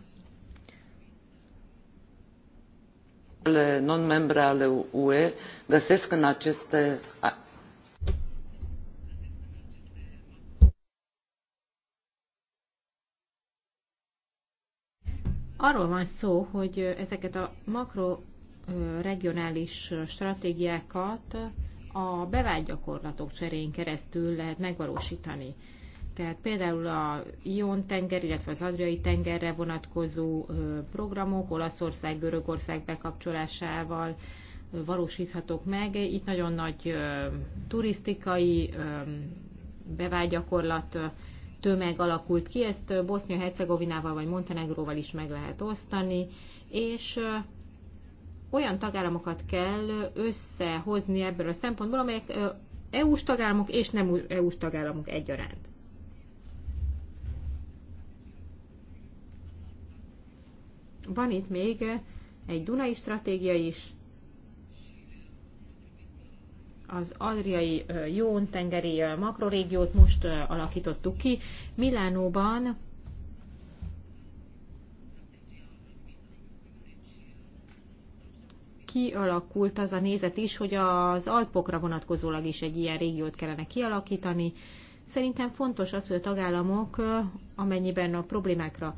non membre ale UE găsesc în aceste Arról van szó, hogy ezeket a makroregionális stratégiákat a bevált gyakorlatok cserén keresztül lehet megvalósítani. Tehát például a Ion tenger, illetve az Adriai tengerre vonatkozó programok Olaszország, Görögország bekapcsolásával valósíthatók meg. Itt nagyon nagy turisztikai gyakorlat tömeg alakult ki, ezt Bosznia-Hercegovinával vagy Montenegróval is meg lehet osztani, és olyan tagállamokat kell összehozni ebből a szempontból, amelyek EU-s tagállamok és nem EU-s tagállamok egyaránt. Van itt még egy Dunai stratégia is, az adriai jón tengeri makrorégiót most alakítottuk ki. Milánóban kialakult az a nézet is, hogy az Alpokra vonatkozólag is egy ilyen régiót kellene kialakítani. Szerintem fontos az, hogy a tagállamok, amennyiben a problémákra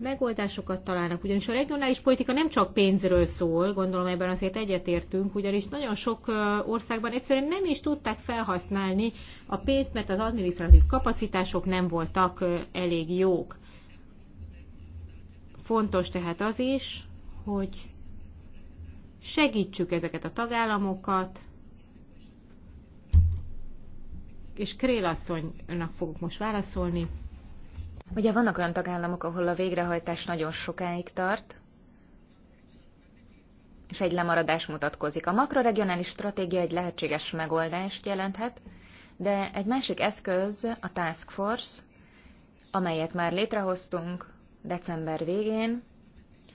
megoldásokat találnak, ugyanis a regionális politika nem csak pénzről szól, gondolom ebben azért egyetértünk, ugyanis nagyon sok országban egyszerűen nem is tudták felhasználni a pénzt, mert az adminisztratív kapacitások nem voltak elég jók. Fontos tehát az is, hogy segítsük ezeket a tagállamokat, és Krélasszonynak fogok most válaszolni. Ugye vannak olyan tagállamok, ahol a végrehajtás nagyon sokáig tart, és egy lemaradás mutatkozik. A makroregionális stratégia egy lehetséges megoldást jelenthet, de egy másik eszköz a Task Force, amelyet már létrehoztunk december végén,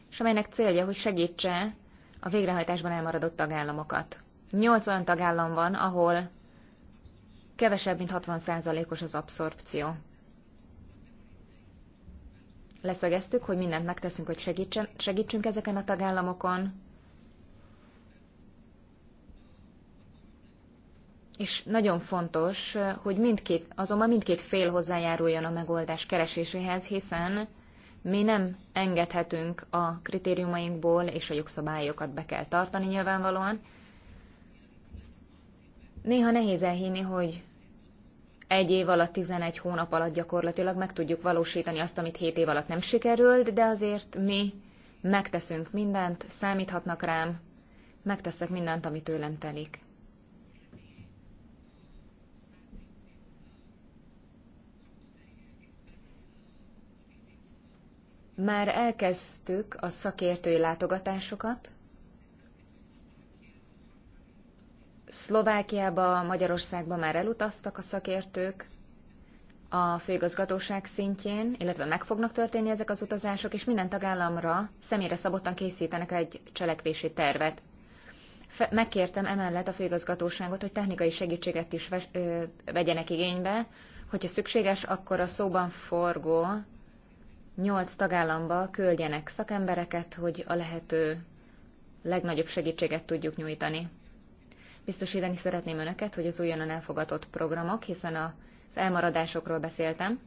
és amelynek célja, hogy segítse a végrehajtásban elmaradott tagállamokat. Nyolc olyan tagállam van, ahol kevesebb, mint 60%-os az abszorpció leszögeztük, hogy mindent megteszünk, hogy segítsen, segítsünk ezeken a tagállamokon, és nagyon fontos, hogy mindkét, azonban mindkét fél hozzájáruljon a megoldás kereséséhez, hiszen mi nem engedhetünk a kritériumainkból, és a jogszabályokat be kell tartani nyilvánvalóan. Néha nehéz elhinni, hogy egy év alatt, 11 hónap alatt gyakorlatilag meg tudjuk valósítani azt, amit 7 év alatt nem sikerült, de azért mi megteszünk mindent, számíthatnak rám, megteszek mindent, ami tőlem telik. Már elkezdtük a szakértői látogatásokat, Szlovákiába, Magyarországba már elutaztak a szakértők a főigazgatóság szintjén, illetve meg fognak történni ezek az utazások, és minden tagállamra személyre szabottan készítenek egy cselekvési tervet. Fe- megkértem emellett a főigazgatóságot, hogy technikai segítséget is ve- ö, vegyenek igénybe, hogyha szükséges, akkor a szóban forgó nyolc tagállamba küldjenek szakembereket, hogy a lehető legnagyobb segítséget tudjuk nyújtani. Biztosítani szeretném önöket, hogy az újonnan elfogadott programok, hiszen az elmaradásokról beszéltem,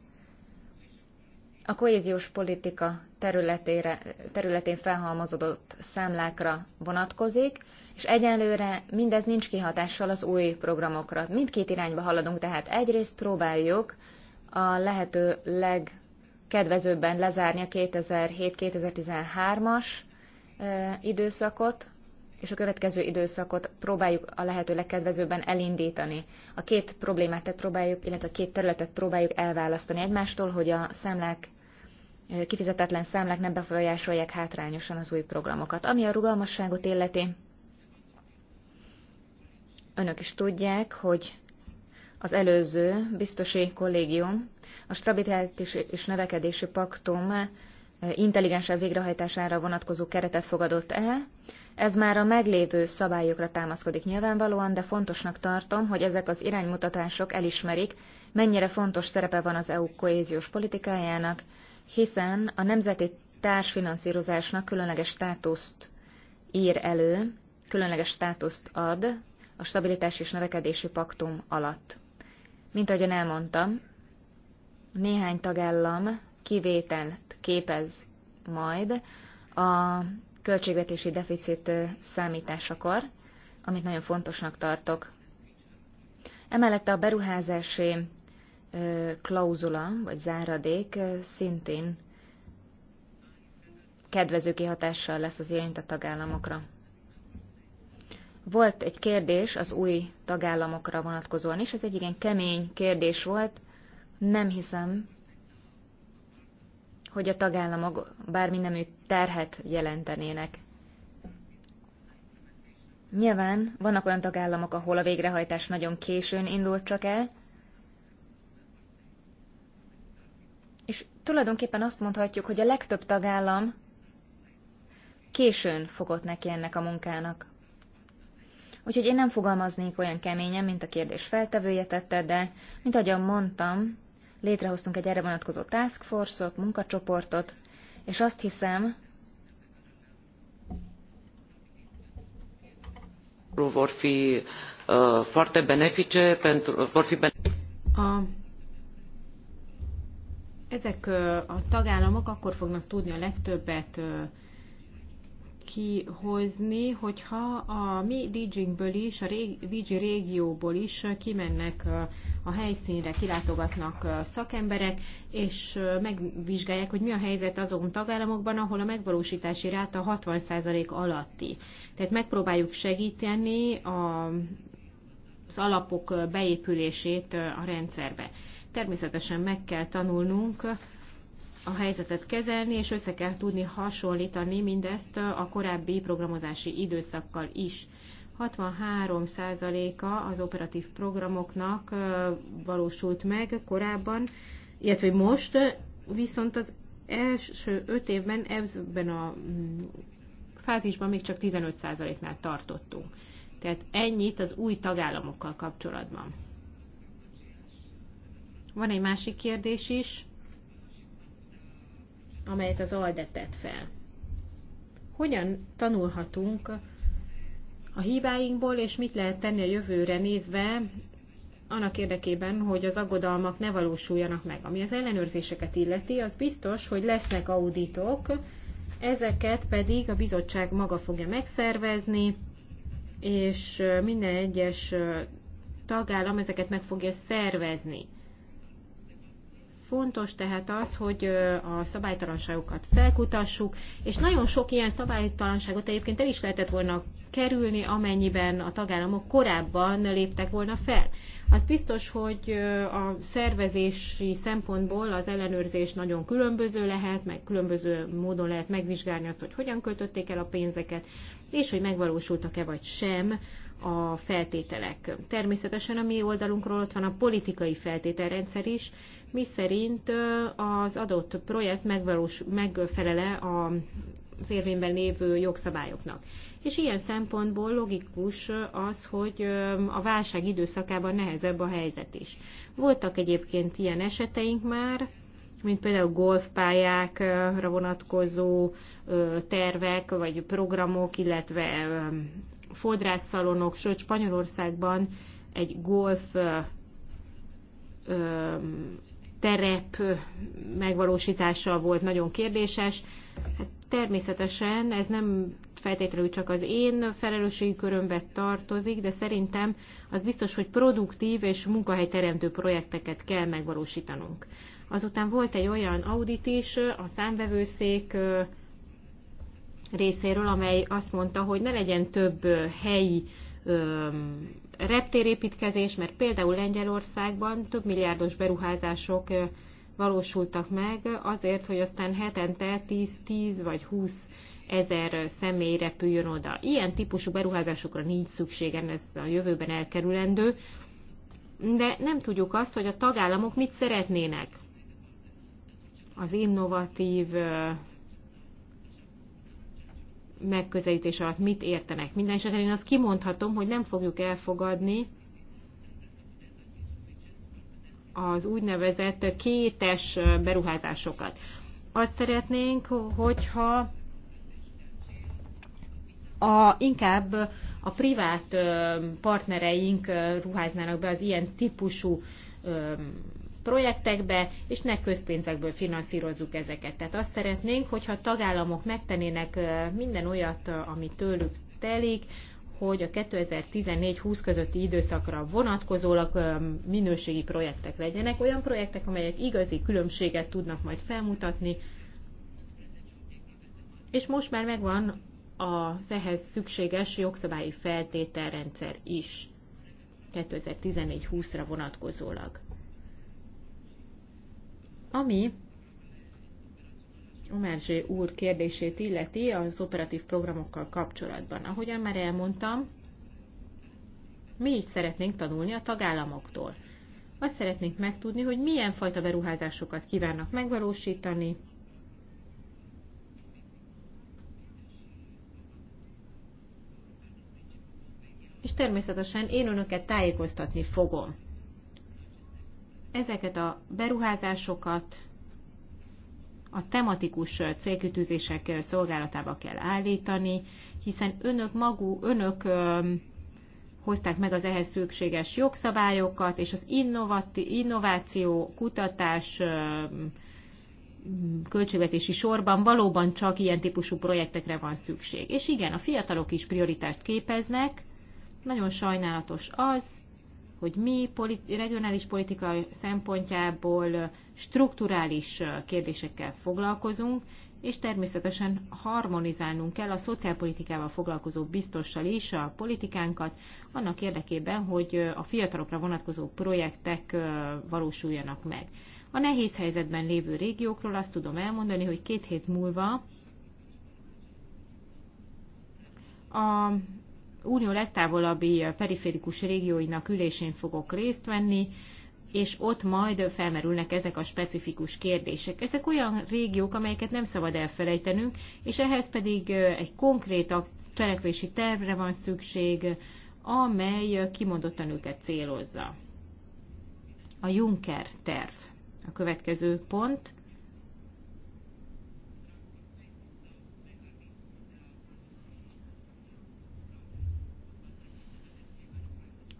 a kohéziós politika területére, területén felhalmozódott számlákra vonatkozik, és egyenlőre mindez nincs kihatással az új programokra. Mindkét irányba haladunk, tehát egyrészt próbáljuk a lehető legkedvezőbben lezárni a 2007-2013-as eh, időszakot, és a következő időszakot próbáljuk a lehető legkedvezőbben elindítani. A két problémát próbáljuk, illetve a két területet próbáljuk elválasztani egymástól, hogy a számlák kifizetetlen számlák nem befolyásolják hátrányosan az új programokat. Ami a rugalmasságot illeti, önök is tudják, hogy az előző biztosi kollégium, a stabilitás és növekedési paktum intelligensebb végrehajtására vonatkozó keretet fogadott el. Ez már a meglévő szabályokra támaszkodik nyilvánvalóan, de fontosnak tartom, hogy ezek az iránymutatások elismerik, mennyire fontos szerepe van az EU kohéziós politikájának, hiszen a nemzeti társfinanszírozásnak különleges státuszt ír elő, különleges státuszt ad a stabilitás és növekedési paktum alatt. Mint ahogyan elmondtam, néhány tagállam kivételt képez majd a költségvetési deficit számításakor, amit nagyon fontosnak tartok. Emellett a beruházási klauzula, vagy záradék szintén kedvező kihatással lesz az érintett tagállamokra. Volt egy kérdés az új tagállamokra vonatkozóan is, ez egy igen kemény kérdés volt. Nem hiszem, hogy a tagállamok bármi nemű terhet jelentenének. Nyilván vannak olyan tagállamok, ahol a végrehajtás nagyon későn indult csak el, és tulajdonképpen azt mondhatjuk, hogy a legtöbb tagállam későn fogott neki ennek a munkának. Úgyhogy én nem fogalmaznék olyan keményen, mint a kérdés feltevője tette, de, mint ahogyan mondtam, létrehoztunk egy erre vonatkozó task force-ot, munkacsoportot, és azt hiszem, vor fi uh, foarte benefice pentru vor fi a, ezek uh, a tagállamok akkor fognak tudni a legtöbbet uh, kihozni, hogyha a mi DJinkből is, a DJ régióból is kimennek a helyszínre, kilátogatnak szakemberek, és megvizsgálják, hogy mi a helyzet azon tagállamokban, ahol a megvalósítási ráta 60% alatti. Tehát megpróbáljuk segíteni a, az alapok beépülését a rendszerbe. Természetesen meg kell tanulnunk, a helyzetet kezelni, és össze kell tudni hasonlítani mindezt a korábbi programozási időszakkal is. 63%-a az operatív programoknak valósult meg korábban, illetve most, viszont az első öt évben ebben a mm, fázisban még csak 15%-nál tartottunk. Tehát ennyit az új tagállamokkal kapcsolatban. Van egy másik kérdés is, amelyet az ALDE tett fel. Hogyan tanulhatunk a hibáinkból, és mit lehet tenni a jövőre nézve annak érdekében, hogy az aggodalmak ne valósuljanak meg. Ami az ellenőrzéseket illeti, az biztos, hogy lesznek auditok, ezeket pedig a bizottság maga fogja megszervezni, és minden egyes tagállam ezeket meg fogja szervezni. Fontos tehát az, hogy a szabálytalanságokat felkutassuk, és nagyon sok ilyen szabálytalanságot egyébként el is lehetett volna kerülni, amennyiben a tagállamok korábban léptek volna fel. Az biztos, hogy a szervezési szempontból az ellenőrzés nagyon különböző lehet, meg különböző módon lehet megvizsgálni azt, hogy hogyan költötték el a pénzeket, és hogy megvalósultak-e vagy sem a feltételek. Természetesen a mi oldalunkról ott van a politikai feltételrendszer is, mi szerint az adott projekt megvalós, megfelele a az érvényben lévő jogszabályoknak. És ilyen szempontból logikus az, hogy a válság időszakában nehezebb a helyzet is. Voltak egyébként ilyen eseteink már, mint például golfpályákra vonatkozó tervek vagy programok, illetve fodrászszalonok, sőt Spanyolországban egy golf terep megvalósítása volt nagyon kérdéses. Hát természetesen ez nem feltétlenül csak az én felelősségi körömbe tartozik, de szerintem az biztos, hogy produktív és munkahelyteremtő projekteket kell megvalósítanunk. Azután volt egy olyan audit is, a számvevőszék részéről, amely azt mondta, hogy ne legyen több helyi reptérépítkezés, mert például Lengyelországban több milliárdos beruházások valósultak meg azért, hogy aztán hetente 10-10 vagy 20 ezer személy repüljön oda. Ilyen típusú beruházásokra nincs szükségen, ez a jövőben elkerülendő, de nem tudjuk azt, hogy a tagállamok mit szeretnének. Az innovatív megközelítés alatt mit értenek. Minden esetben én azt kimondhatom, hogy nem fogjuk elfogadni az úgynevezett kétes beruházásokat. Azt szeretnénk, hogyha a, inkább a privát partnereink ruháznának be az ilyen típusú projektekbe, és ne közpénzekből finanszírozzuk ezeket. Tehát azt szeretnénk, hogyha a tagállamok megtennének minden olyat, ami tőlük telik, hogy a 2014-20 közötti időszakra vonatkozólag minőségi projektek legyenek, olyan projektek, amelyek igazi különbséget tudnak majd felmutatni, és most már megvan az ehhez szükséges jogszabályi feltételrendszer is 2014-20-ra vonatkozólag. Ami Omerzsé úr kérdését illeti az operatív programokkal kapcsolatban. Ahogyan már elmondtam, mi is szeretnénk tanulni a tagállamoktól. Azt szeretnénk megtudni, hogy milyen fajta beruházásokat kívánnak megvalósítani, és természetesen én önöket tájékoztatni fogom ezeket a beruházásokat a tematikus célkütőzések szolgálatába kell állítani, hiszen önök maguk, önök hozták meg az ehhez szükséges jogszabályokat, és az innováció, kutatás, költségvetési sorban valóban csak ilyen típusú projektekre van szükség. És igen, a fiatalok is prioritást képeznek, nagyon sajnálatos az, hogy mi politi- regionális politika szempontjából strukturális kérdésekkel foglalkozunk, és természetesen harmonizálnunk kell a szociálpolitikával foglalkozó biztossal is a politikánkat, annak érdekében, hogy a fiatalokra vonatkozó projektek valósuljanak meg. A nehéz helyzetben lévő régiókról azt tudom elmondani, hogy két hét múlva a unió legtávolabbi periférikus régióinak ülésén fogok részt venni, és ott majd felmerülnek ezek a specifikus kérdések. Ezek olyan régiók, amelyeket nem szabad elfelejtenünk, és ehhez pedig egy konkrét cselekvési tervre van szükség, amely kimondottan őket célozza. A Juncker terv a következő pont.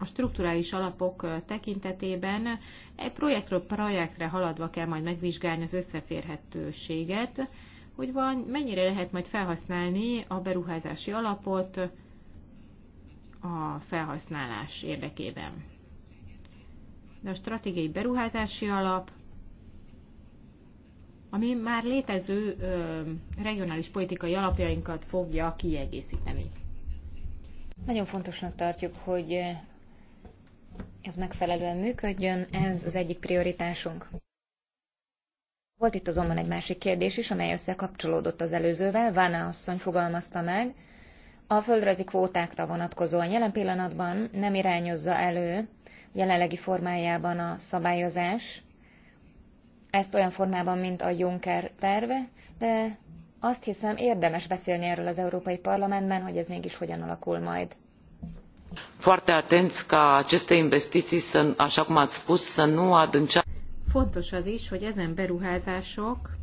a strukturális alapok tekintetében egy projektről projektre haladva kell majd megvizsgálni az összeférhetőséget, hogy van, mennyire lehet majd felhasználni a beruházási alapot a felhasználás érdekében. De a stratégiai beruházási alap, ami már létező ö, regionális politikai alapjainkat fogja kiegészíteni. Nagyon fontosnak tartjuk, hogy ez megfelelően működjön, ez az egyik prioritásunk. Volt itt azonban egy másik kérdés is, amely összekapcsolódott az előzővel, Vána asszony fogalmazta meg, a földrajzi kvótákra vonatkozóan jelen pillanatban nem irányozza elő jelenlegi formájában a szabályozás, ezt olyan formában, mint a Juncker terve, de azt hiszem érdemes beszélni erről az Európai Parlamentben, hogy ez mégis hogyan alakul majd. Foarte atenți ca aceste investiții, să, așa cum ați spus, să nu adâncească. Fontos az is, hogy ezen beruházások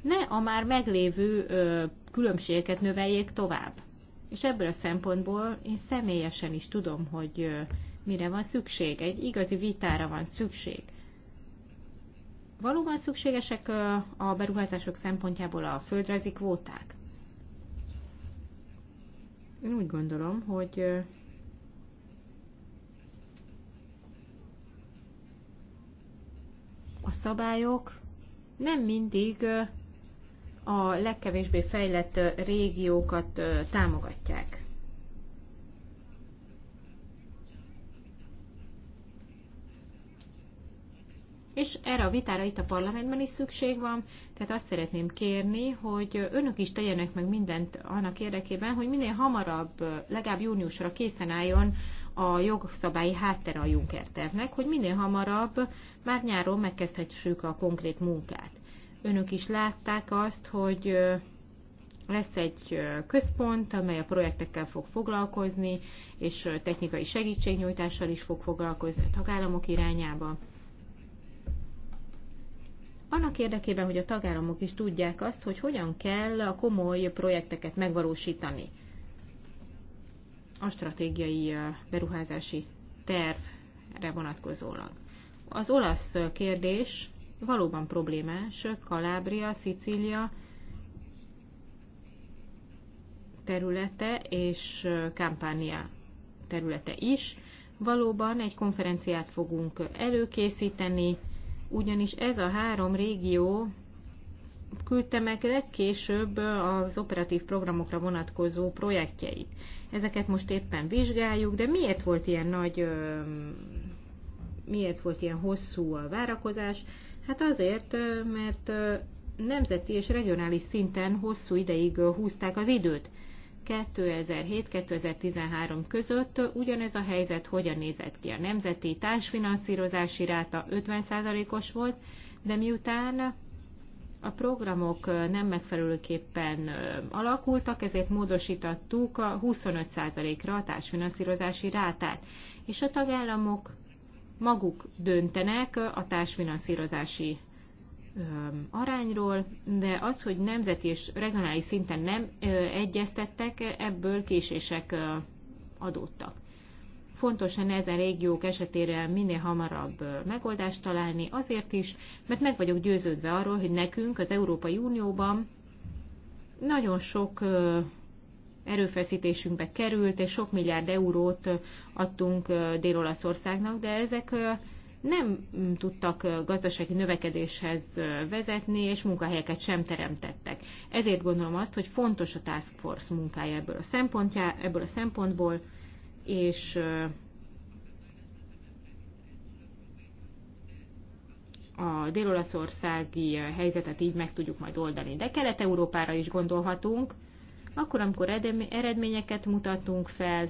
ne a már meglévő ö, különbségeket növeljék tovább. És ebből a szempontból én személyesen is tudom, hogy ö, mire van szükség. Egy igazi vitára van szükség. Valóban szükségesek a beruházások szempontjából a földrajzi kvóták? Én úgy gondolom, hogy a szabályok nem mindig a legkevésbé fejlett régiókat támogatják. és erre a vitára itt a parlamentben is szükség van, tehát azt szeretném kérni, hogy önök is tegyenek meg mindent annak érdekében, hogy minél hamarabb, legalább júniusra készen álljon a jogszabályi háttere a Juncker tervnek, hogy minél hamarabb már nyáron megkezdhessük a konkrét munkát. Önök is látták azt, hogy lesz egy központ, amely a projektekkel fog foglalkozni, és technikai segítségnyújtással is fog foglalkozni a tagállamok irányába annak érdekében, hogy a tagállamok is tudják azt, hogy hogyan kell a komoly projekteket megvalósítani. A stratégiai beruházási tervre vonatkozólag. Az olasz kérdés valóban problémás. Kalábria, Szicília területe és Kampánia területe is. Valóban egy konferenciát fogunk előkészíteni, ugyanis ez a három régió küldte meg legkésőbb az operatív programokra vonatkozó projektjeit. Ezeket most éppen vizsgáljuk, de miért volt ilyen nagy, miért volt ilyen hosszú a várakozás? Hát azért, mert nemzeti és regionális szinten hosszú ideig húzták az időt. 2007-2013 között ugyanez a helyzet hogyan nézett ki. A nemzeti társfinanszírozási ráta 50%-os volt, de miután a programok nem megfelelőképpen alakultak, ezért módosítottuk a 25%-ra a társfinanszírozási rátát, és a tagállamok maguk döntenek a társfinanszírozási arányról, de az, hogy nemzeti és regionális szinten nem egyeztettek, ebből késések adódtak. Fontos lenne ezen régiók esetére minél hamarabb megoldást találni, azért is, mert meg vagyok győződve arról, hogy nekünk az Európai Unióban nagyon sok erőfeszítésünkbe került, és sok milliárd eurót adtunk Dél-Olaszországnak, de ezek nem mm, tudtak gazdasági növekedéshez vezetni, és munkahelyeket sem teremtettek. Ezért gondolom azt, hogy fontos a Task Force munkája ebből a, szempontjá, ebből a szempontból, és a dél-olaszországi helyzetet így meg tudjuk majd oldani. De Kelet-Európára is gondolhatunk, akkor, amikor eredményeket mutatunk fel,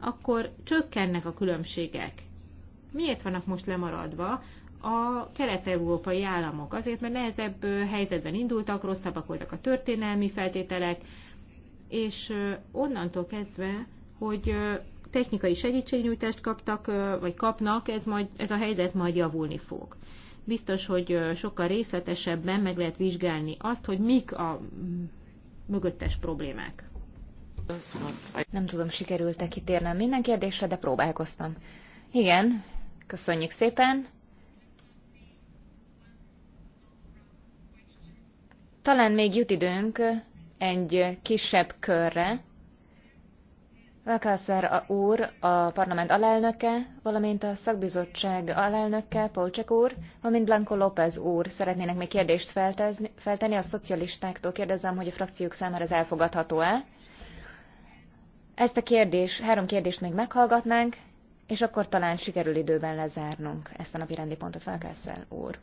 akkor csökkennek a különbségek miért vannak most lemaradva a kelet-európai államok? Azért, mert nehezebb helyzetben indultak, rosszabbak voltak a történelmi feltételek, és onnantól kezdve, hogy technikai segítségnyújtást kaptak, vagy kapnak, ez, majd, ez a helyzet majd javulni fog. Biztos, hogy sokkal részletesebben meg lehet vizsgálni azt, hogy mik a mögöttes problémák. Nem tudom, sikerült-e kitérnem minden kérdésre, de próbálkoztam. Igen, Köszönjük szépen. Talán még jut időnk egy kisebb körre. Valkászár úr, a parlament alelnöke, valamint a szakbizottság alelnöke, Polcsek úr, valamint Blanco López úr szeretnének még kérdést feltezni, feltenni. A szocialistáktól kérdezem, hogy a frakciók számára ez elfogadható-e. Ezt a kérdés, három kérdést még meghallgatnánk, és akkor talán sikerül időben lezárnunk ezt a napi rendi pontot. Felkászel úr.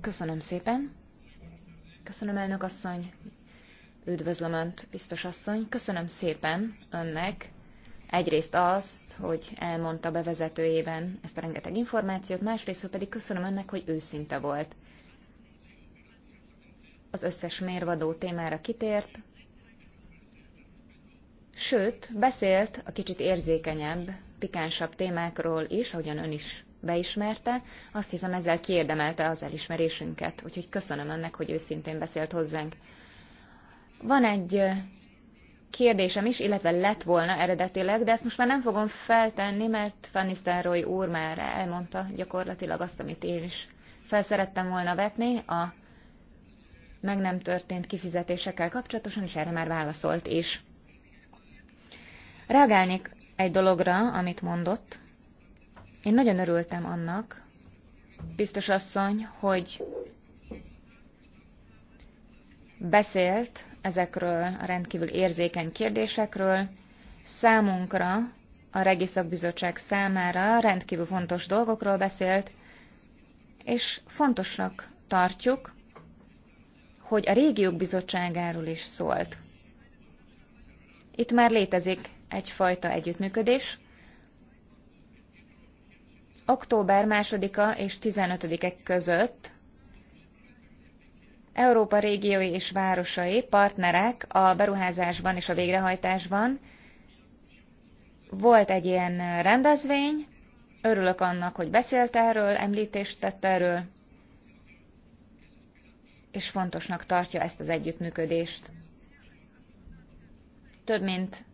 Köszönöm szépen. Köszönöm, elnök asszony. Üdvözlöm Önt, biztos asszony. Köszönöm szépen Önnek egyrészt azt, hogy elmondta bevezetőjében ezt a rengeteg információt, másrészt pedig köszönöm Önnek, hogy őszinte volt. Az összes mérvadó témára kitért, Sőt, beszélt a kicsit érzékenyebb, pikánsabb témákról is, ahogyan ön is beismerte, azt hiszem ezzel kiérdemelte az elismerésünket, úgyhogy köszönöm önnek, hogy őszintén beszélt hozzánk. Van egy kérdésem is, illetve lett volna eredetileg, de ezt most már nem fogom feltenni, mert Fanny Sztenroy úr már elmondta gyakorlatilag azt, amit én is felszerettem volna vetni a meg nem történt kifizetésekkel kapcsolatosan, és erre már válaszolt is. Reagálnék egy dologra, amit mondott. Én nagyon örültem annak, biztos asszony, hogy beszélt ezekről a rendkívül érzékeny kérdésekről. Számunkra, a Regiszakbizottság számára rendkívül fontos dolgokról beszélt, és fontosnak tartjuk, hogy a régiók bizottságáról is szólt. Itt már létezik egyfajta együttműködés. Október 2-a és 15-e között Európa régiói és városai partnerek a beruházásban és a végrehajtásban. Volt egy ilyen rendezvény, örülök annak, hogy beszélt erről, említést tett erről, és fontosnak tartja ezt az együttműködést. Több mint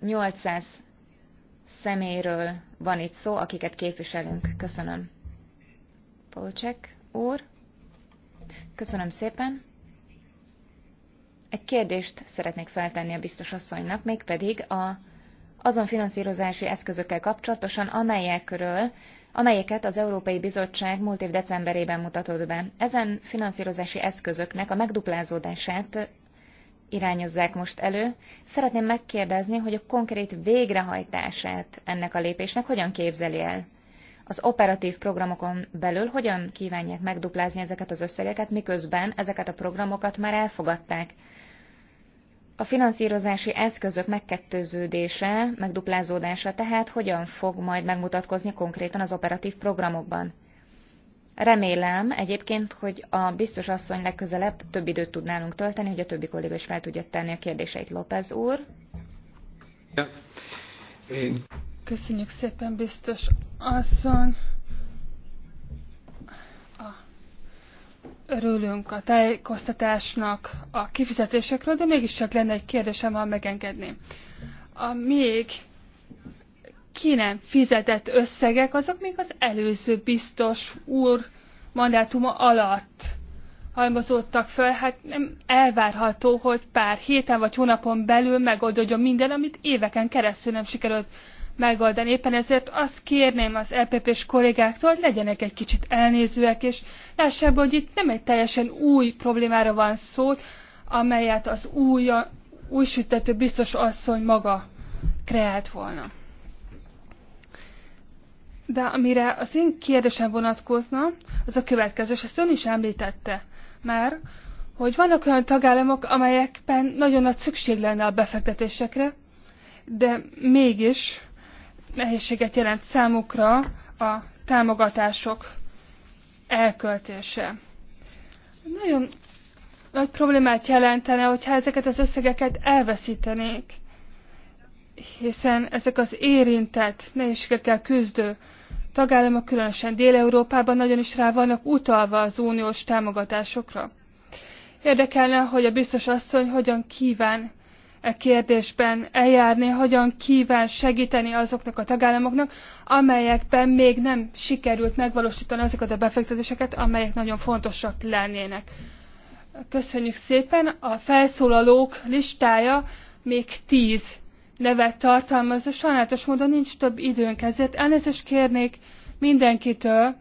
800 személyről van itt szó, akiket képviselünk. Köszönöm. Polcsek úr, köszönöm szépen. Egy kérdést szeretnék feltenni a biztos asszonynak, mégpedig a, azon finanszírozási eszközökkel kapcsolatosan, amelyekről, amelyeket az Európai Bizottság múlt év decemberében mutatott be. Ezen finanszírozási eszközöknek a megduplázódását irányozzák most elő. Szeretném megkérdezni, hogy a konkrét végrehajtását ennek a lépésnek hogyan képzeli el? Az operatív programokon belül hogyan kívánják megduplázni ezeket az összegeket, miközben ezeket a programokat már elfogadták? A finanszírozási eszközök megkettőződése, megduplázódása tehát hogyan fog majd megmutatkozni konkrétan az operatív programokban? Remélem egyébként, hogy a biztos asszony legközelebb több időt tud nálunk tölteni, hogy a többi kolléga is fel tudja tenni a kérdéseit. López úr. Én. Köszönjük szépen, biztos asszony. Örülünk a tájékoztatásnak a kifizetésekről, de mégiscsak lenne egy kérdésem, ha megengedném. A még ki nem fizetett összegek, azok még az előző biztos úr mandátuma alatt halmozódtak fel, hát nem elvárható, hogy pár héten vagy hónapon belül megoldódjon minden, amit éveken keresztül nem sikerült megoldani. Éppen ezért azt kérném az LPP-s kollégáktól, hogy legyenek egy kicsit elnézőek, és lássák, hogy itt nem egy teljesen új problémára van szó, amelyet az új, új sütető biztos asszony maga kreált volna. De amire az én kérdésem vonatkozna, az a következő, és ezt ön is említette már, hogy vannak olyan tagállamok, amelyekben nagyon nagy szükség lenne a befektetésekre, de mégis nehézséget jelent számukra a támogatások elköltése. Nagyon nagy problémát jelentene, hogyha ezeket az összegeket elveszítenék, hiszen ezek az érintett nehézségekkel küzdő tagállamok, különösen Dél-Európában nagyon is rá vannak utalva az uniós támogatásokra. Érdekelne, hogy a biztos asszony hogyan kíván e kérdésben eljárni, hogyan kíván segíteni azoknak a tagállamoknak, amelyekben még nem sikerült megvalósítani azokat a befektetéseket, amelyek nagyon fontosak lennének. Köszönjük szépen! A felszólalók listája még tíz nevet tartalmazza. Sajnálatos módon nincs több időnk, ezért elnézést kérnék mindenkitől,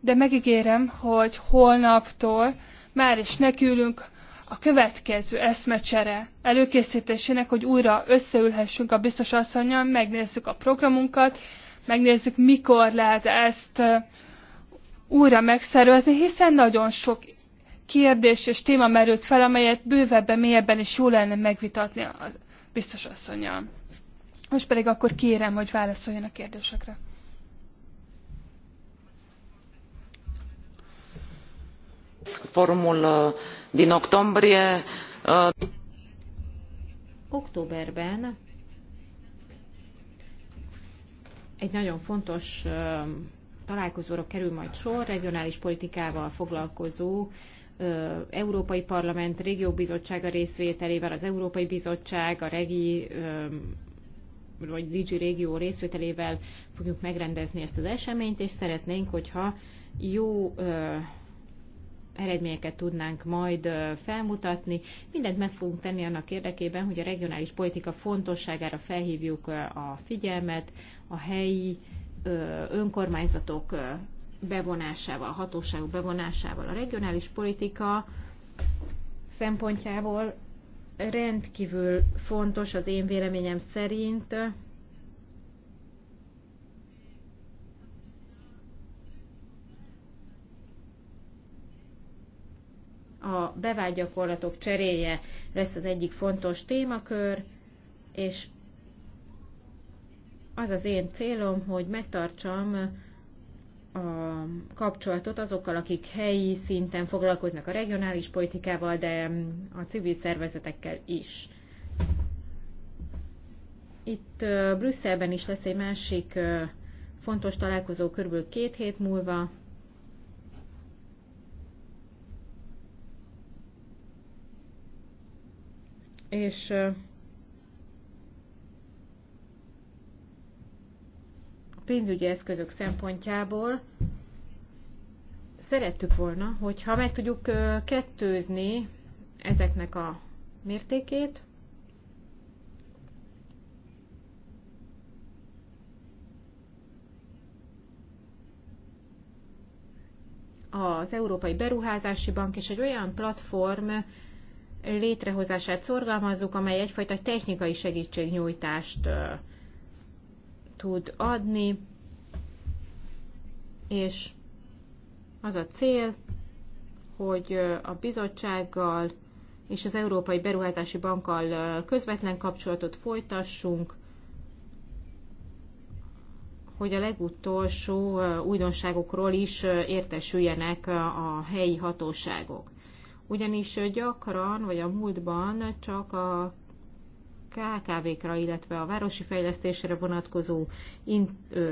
de megígérem, hogy holnaptól már is nekülünk a következő eszmecsere előkészítésének, hogy újra összeülhessünk a biztos asszonyon, megnézzük a programunkat, megnézzük, mikor lehet ezt újra megszervezni, hiszen nagyon sok kérdés és téma merült fel, amelyet bővebben, mélyebben is jó lenne megvitatni a biztos asszonyjal. Most pedig akkor kérem, hogy válaszoljon a kérdésekre. Formula din octombrie. Októberben egy nagyon fontos találkozóra kerül majd sor, regionális politikával foglalkozó Európai Parlament Régióbizottsága részvételével, az Európai Bizottság, a Regi vagy Digi régió részvételével fogjuk megrendezni ezt az eseményt, és szeretnénk, hogyha jó ö, eredményeket tudnánk majd felmutatni. Mindent meg fogunk tenni annak érdekében, hogy a regionális politika fontosságára felhívjuk a figyelmet, a helyi önkormányzatok bevonásával, a hatóságok bevonásával. A regionális politika szempontjából rendkívül fontos az én véleményem szerint a gyakorlatok cseréje lesz az egyik fontos témakör, és az az én célom, hogy megtartsam a kapcsolatot azokkal, akik helyi szinten foglalkoznak a regionális politikával, de a civil szervezetekkel is. Itt Brüsszelben is lesz egy másik fontos találkozó körülbelül két hét múlva. És pénzügyi eszközök szempontjából szerettük volna, hogyha meg tudjuk kettőzni ezeknek a mértékét, az Európai Beruházási Bank és egy olyan platform létrehozását szorgalmazzuk, amely egyfajta technikai segítségnyújtást tud adni, és az a cél, hogy a bizottsággal és az Európai Beruházási Bankkal közvetlen kapcsolatot folytassunk, hogy a legutolsó újdonságokról is értesüljenek a helyi hatóságok. Ugyanis gyakran, vagy a múltban csak a KKV-kra, illetve a városi fejlesztésre vonatkozó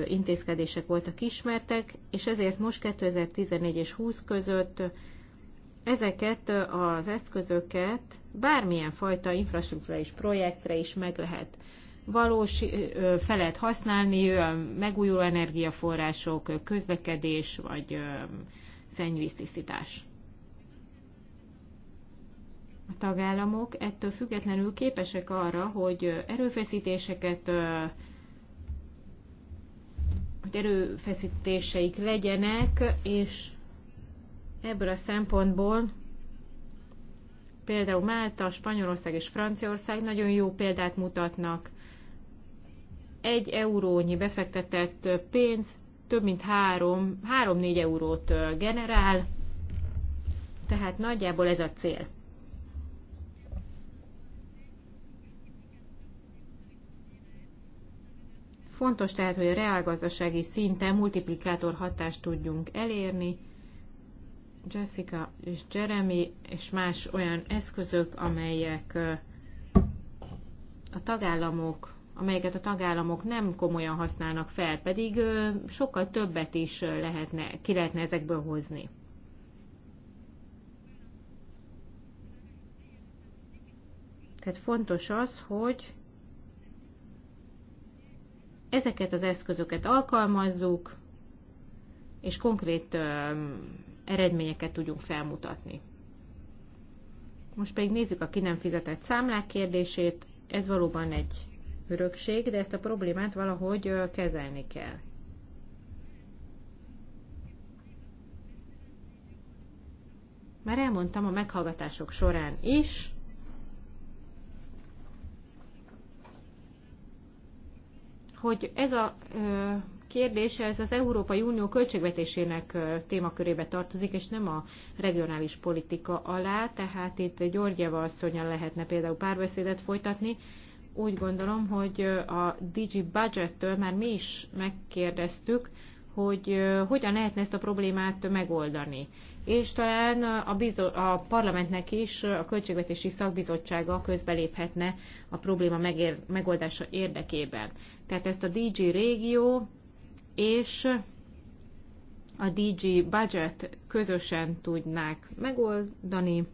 intézkedések voltak ismertek, és ezért most 2014 és 20 között ezeket az eszközöket bármilyen fajta infrastruktúrális projektre is meg lehet valós, fel lehet használni, megújuló energiaforrások, közlekedés vagy szennyvíztisztítás a tagállamok ettől függetlenül képesek arra, hogy erőfeszítéseket hogy erőfeszítéseik legyenek, és ebből a szempontból például Málta, Spanyolország és Franciaország nagyon jó példát mutatnak. Egy eurónyi befektetett pénz több mint három, három-négy eurót generál, tehát nagyjából ez a cél. Fontos tehát, hogy a reálgazdasági szinten multiplikátor hatást tudjunk elérni, Jessica és Jeremy és más olyan eszközök, amelyek a tagállamok, amelyeket a tagállamok nem komolyan használnak fel, pedig sokkal többet is lehetne, ki lehetne ezekből hozni. Tehát fontos az, hogy Ezeket az eszközöket alkalmazzuk, és konkrét eredményeket tudjunk felmutatni. Most pedig nézzük a ki nem fizetett számlák kérdését. Ez valóban egy örökség, de ezt a problémát valahogy kezelni kell. Már elmondtam a meghallgatások során is, hogy ez a kérdés ez az Európai Unió költségvetésének témakörébe tartozik, és nem a regionális politika alá, tehát itt Györgyeva asszonyan lehetne például párbeszédet folytatni. Úgy gondolom, hogy a Digi Budget-től már mi is megkérdeztük, hogy hogyan lehetne ezt a problémát megoldani és talán a, bizo- a parlamentnek is a költségvetési szakbizottsága közbeléphetne a probléma megér- megoldása érdekében. Tehát ezt a DG régió és a DG budget közösen tudnák megoldani.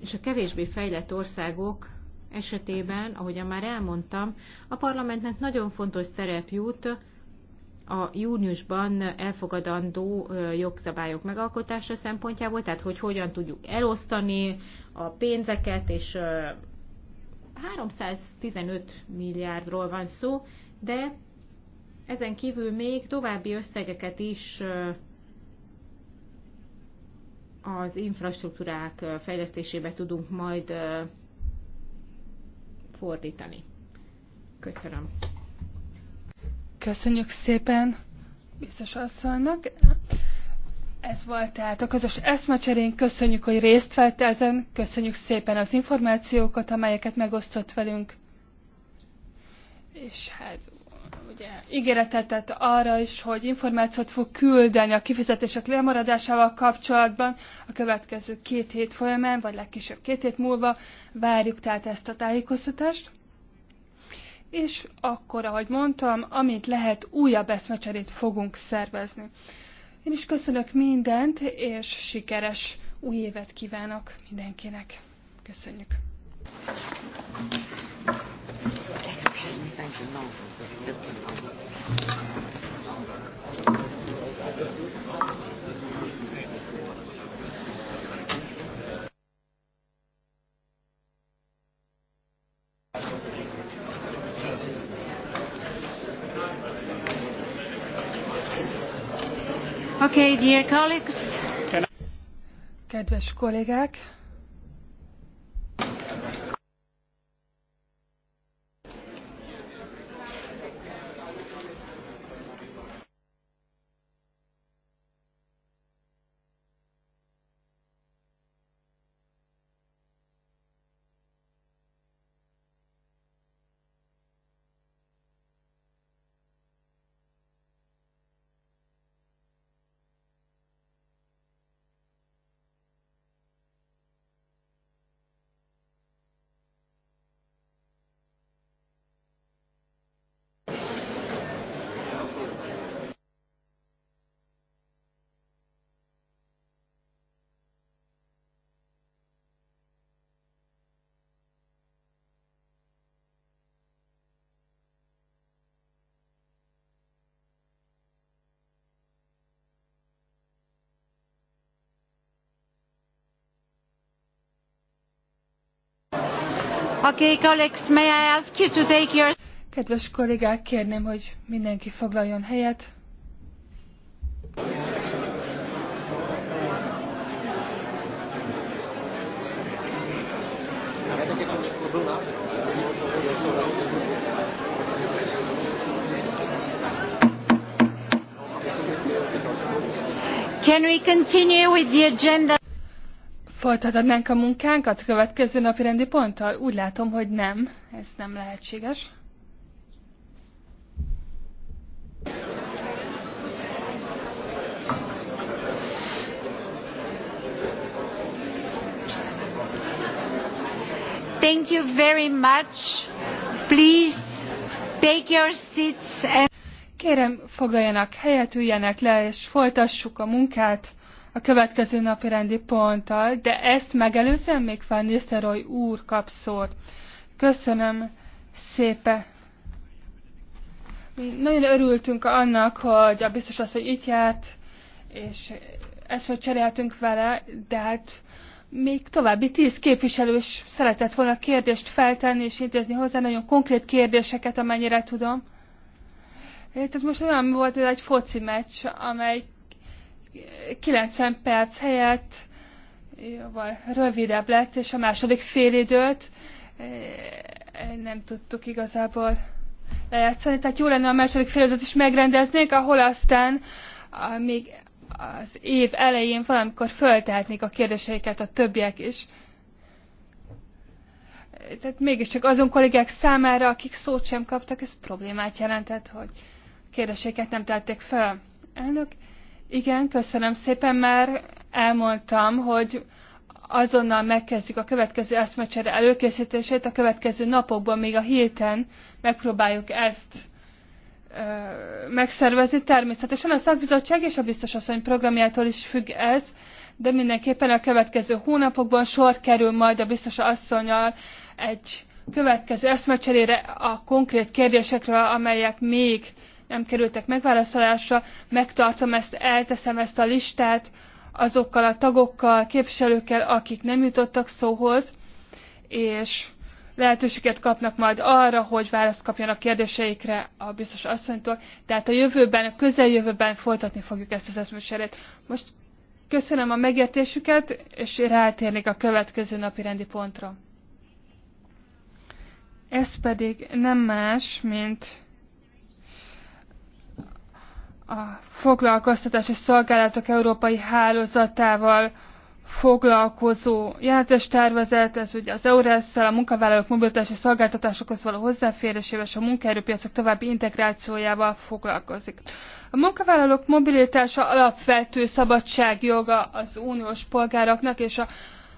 És a kevésbé fejlett országok esetében, ahogyan már elmondtam, a parlamentnek nagyon fontos szerep jut a júniusban elfogadandó jogszabályok megalkotása szempontjából, tehát hogy hogyan tudjuk elosztani a pénzeket, és 315 milliárdról van szó, de ezen kívül még további összegeket is az infrastruktúrák fejlesztésébe tudunk majd fordítani. Köszönöm. Köszönjük szépen biztos asszonynak. Ez volt tehát a közös eszmecserén. Köszönjük, hogy részt vett ezen. Köszönjük szépen az információkat, amelyeket megosztott velünk. És hát ugye ígéretet tett arra is, hogy információt fog küldeni a kifizetések lemaradásával kapcsolatban a következő két hét folyamán, vagy legkisebb két hét múlva várjuk tehát ezt a tájékoztatást. És akkor, ahogy mondtam, amit lehet, újabb eszmecserét fogunk szervezni. Én is köszönök mindent, és sikeres új évet kívánok mindenkinek. Köszönjük! Okay, dear colleagues. Kedves kollégák! Kedves kollégák, kérném, hogy mindenki foglaljon helyet. Can we continue with the agenda? Folytathatnánk a munkánkat következő napi rendi ponttal? Úgy látom, hogy nem. Ez nem lehetséges. Thank you very much. Please take your seats and... Kérem, foglaljanak helyet, üljenek le, és folytassuk a munkát a következő napi rendi ponttal, de ezt megelőzően még fel Nisztelrooy úr kap szót. Köszönöm szépen. Mi nagyon örültünk annak, hogy a biztos az, hogy itt járt, és ezt hogy cseréltünk vele, de hát még további tíz képviselő is szeretett volna kérdést feltenni és intézni hozzá, nagyon konkrét kérdéseket, amennyire tudom. Tehát most olyan volt, hogy egy foci meccs, amely 90 perc helyett jóval rövidebb lett, és a második időt eh, nem tudtuk igazából lejátszani. Tehát jó lenne a második időt is megrendeznék, ahol aztán még az év elején valamikor föltehetnék a kérdéseiket a többiek is. Tehát mégiscsak azon kollégák számára, akik szót sem kaptak, ez problémát jelentett, hogy kérdéseiket nem tették fel. Elnök, igen, köszönöm szépen, már elmondtam, hogy azonnal megkezdjük a következő eszmecsere előkészítését, a következő napokban, még a héten megpróbáljuk ezt ö, megszervezni. Természetesen a szakbizottság és a biztos programjától is függ ez, de mindenképpen a következő hónapokban sor kerül majd a biztosasszonyal asszonyal egy következő eszmecserére a konkrét kérdésekről, amelyek még nem kerültek megválaszolásra. Megtartom ezt, elteszem ezt a listát azokkal a tagokkal, képviselőkkel, akik nem jutottak szóhoz, és lehetőséget kapnak majd arra, hogy választ kapjanak kérdéseikre a biztos asszonytól. Tehát a jövőben, a közeljövőben folytatni fogjuk ezt az eszmecserét. Most köszönöm a megértésüket, és rátérnék a következő napi rendi pontra. Ez pedig nem más, mint a foglalkoztatási szolgálatok európai hálózatával foglalkozó jelentős tervezet, ez ugye az eures a munkavállalók mobilitási szolgáltatásokhoz való hozzáférésével és a munkaerőpiacok további integrációjával foglalkozik. A munkavállalók mobilitása alapvető szabadságjoga az uniós polgároknak és a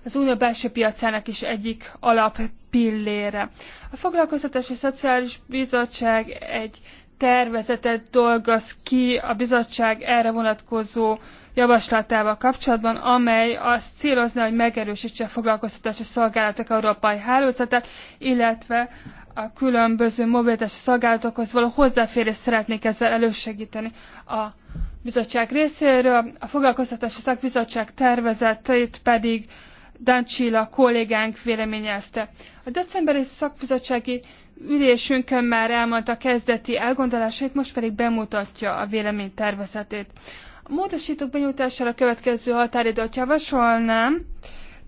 az unió belső piacának is egyik alap pillére. A Foglalkoztatási Szociális Bizottság egy tervezetet dolgoz ki a bizottság erre vonatkozó javaslatával kapcsolatban, amely azt célozna, hogy megerősítse a foglalkoztatási szolgálatok európai hálózatát, illetve a különböző mobilitás szolgálatokhoz való hozzáférést szeretnék ezzel elősegíteni a bizottság részéről. A foglalkoztatási szakbizottság tervezetét pedig Dancsila kollégánk véleményezte. A decemberi szakbizottsági ülésünkön már elmondta kezdeti elgondolásait, most pedig bemutatja a vélemény tervezetét. A módosítók benyújtására a következő határidőt javasolnám.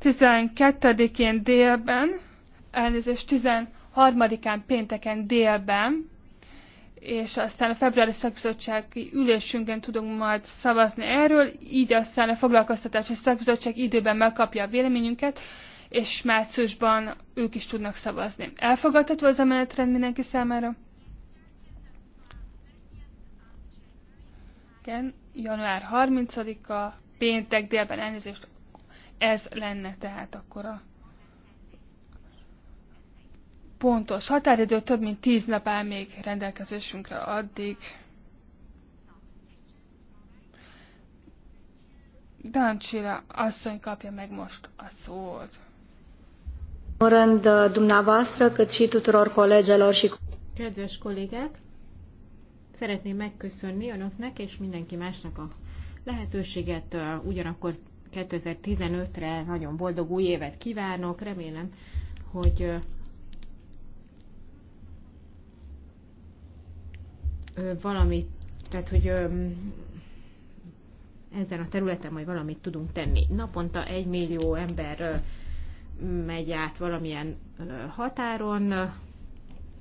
12-én délben, elnézést 13-án pénteken délben, és aztán a februári szakbizottsági ülésünkön tudunk majd szavazni erről, így aztán a foglalkoztatási szakbizottság időben megkapja a véleményünket, és márciusban ők is tudnak szavazni. Elfogadható az a menetrend mindenki számára? Igen, január 30-a, péntek délben elnézést, ez lenne tehát akkor a pontos határidő, több mint tíz nap áll még rendelkezésünkre addig. Dancsila asszony kapja meg most a szót. În rând uh, dumneavoastră, cât și Kedves kollégák, szeretném megköszönni önöknek és mindenki másnak a lehetőséget. Uh, ugyanakkor 2015-re nagyon boldog új évet kívánok. Remélem, hogy uh, valamit, tehát hogy ezen a területen majd valamit tudunk tenni. Naponta egy millió ember megy át valamilyen határon,